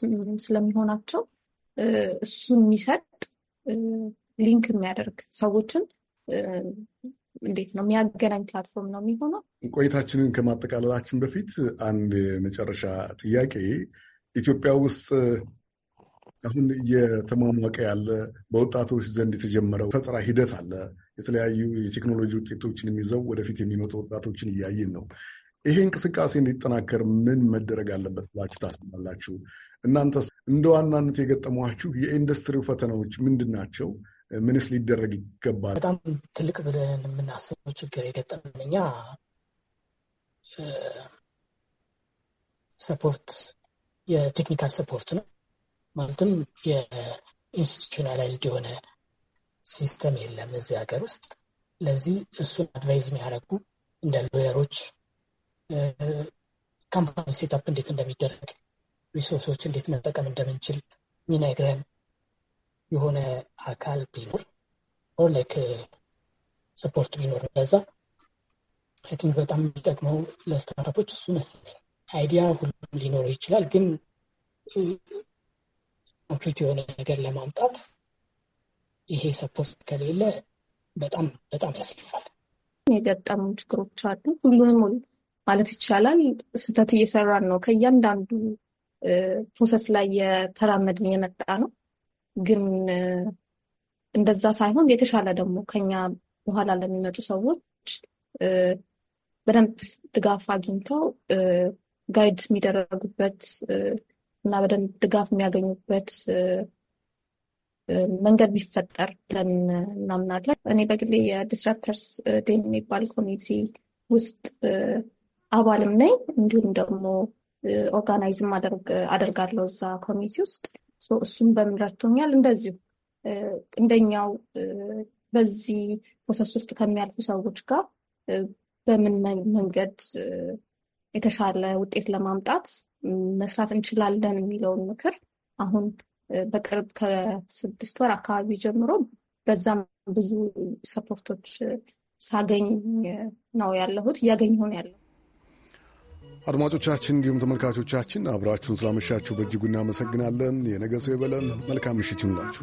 ስለሚሆናቸው እሱን የሚሰጥ ሊንክ የሚያደርግ ሰዎችን እንዴት ነው የሚያገናኝ ፕላትፎርም ነው የሚሆነው። ቆይታችንን ከማጠቃለላችን በፊት አንድ የመጨረሻ ጥያቄ ኢትዮጵያ ውስጥ አሁን እየተሟሟቀ ያለ በወጣቶች ዘንድ የተጀመረው ፈጠራ ሂደት አለ። የተለያዩ የቴክኖሎጂ ውጤቶችን ይዘው ወደፊት የሚመጡ ወጣቶችን እያየን ነው። ይሄ እንቅስቃሴ እንዲጠናከር ምን መደረግ አለበት ብላችሁ ታስባላችሁ? እናንተስ እንደ ዋናነት የገጠሟችሁ የኢንዱስትሪው ፈተናዎች ምንድን ናቸው? ምንስ ሊደረግ ይገባል? በጣም ትልቅ ብለን የምናስበው ችግር የገጠመን ሰፖርት የቴክኒካል ሰፖርት ነው። ማለትም የኢንስቲቱሽናላይዝድ የሆነ ሲስተም የለም እዚህ ሀገር ውስጥ። ለዚህ እሱን አድቫይዝ የሚያደርጉ እንደ ሎየሮች ካምፓኒ ሴታፕ እንዴት እንደሚደረግ ሪሶርሶች እንዴት መጠቀም እንደምንችል ሚነግረን የሆነ አካል ቢኖር ኦር ላይክ ሰፖርት ቢኖር እንደዛ አይ ቲንክ በጣም የሚጠቅመው ለስታርታፖች እሱ መሰለኝ። አይዲያ ሁሉም ሊኖረው ይችላል፣ ግን ኮንክሪት የሆነ ነገር ለማምጣት ይሄ ሰፖርት ከሌለ በጣም በጣም ያስፋል። የገጠሙ ችግሮች አሉ። ሁሉንም ማለት ይቻላል ስህተት እየሰራን ነው። ከእያንዳንዱ ፕሮሰስ ላይ የተራመድን የመጣ ነው። ግን እንደዛ ሳይሆን የተሻለ ደግሞ ከኛ በኋላ ለሚመጡ ሰዎች በደንብ ድጋፍ አግኝተው ጋይድ የሚደረጉበት እና በደንብ ድጋፍ የሚያገኙበት መንገድ ቢፈጠር ብለን እናምናለን። እኔ በግሌ የዲስራፕተርስ ዴን የሚባል ኮሚኒቲ ውስጥ አባልም ነኝ። እንዲሁም ደግሞ ኦርጋናይዝም አደርጋለሁ እዛ ኮሚኒቲ ውስጥ እሱም በምን ረድቶኛል። እንደዚሁ እንደኛው በዚህ ፕሮሰስ ውስጥ ከሚያልፉ ሰዎች ጋር በምን መንገድ የተሻለ ውጤት ለማምጣት መስራት እንችላለን የሚለውን ምክር አሁን በቅርብ ከስድስት ወር አካባቢ ጀምሮ በዛም ብዙ ሰፖርቶች ሳገኝ ነው ያለሁት፣ እያገኝ ሆን ያለው አድማጮቻችን እንዲሁም ተመልካቾቻችን አብራችሁን ስላመሻችሁ በእጅጉ እናመሰግናለን። የነገ ሰው ይበለን። መልካም ምሽት ይሁንላችሁ።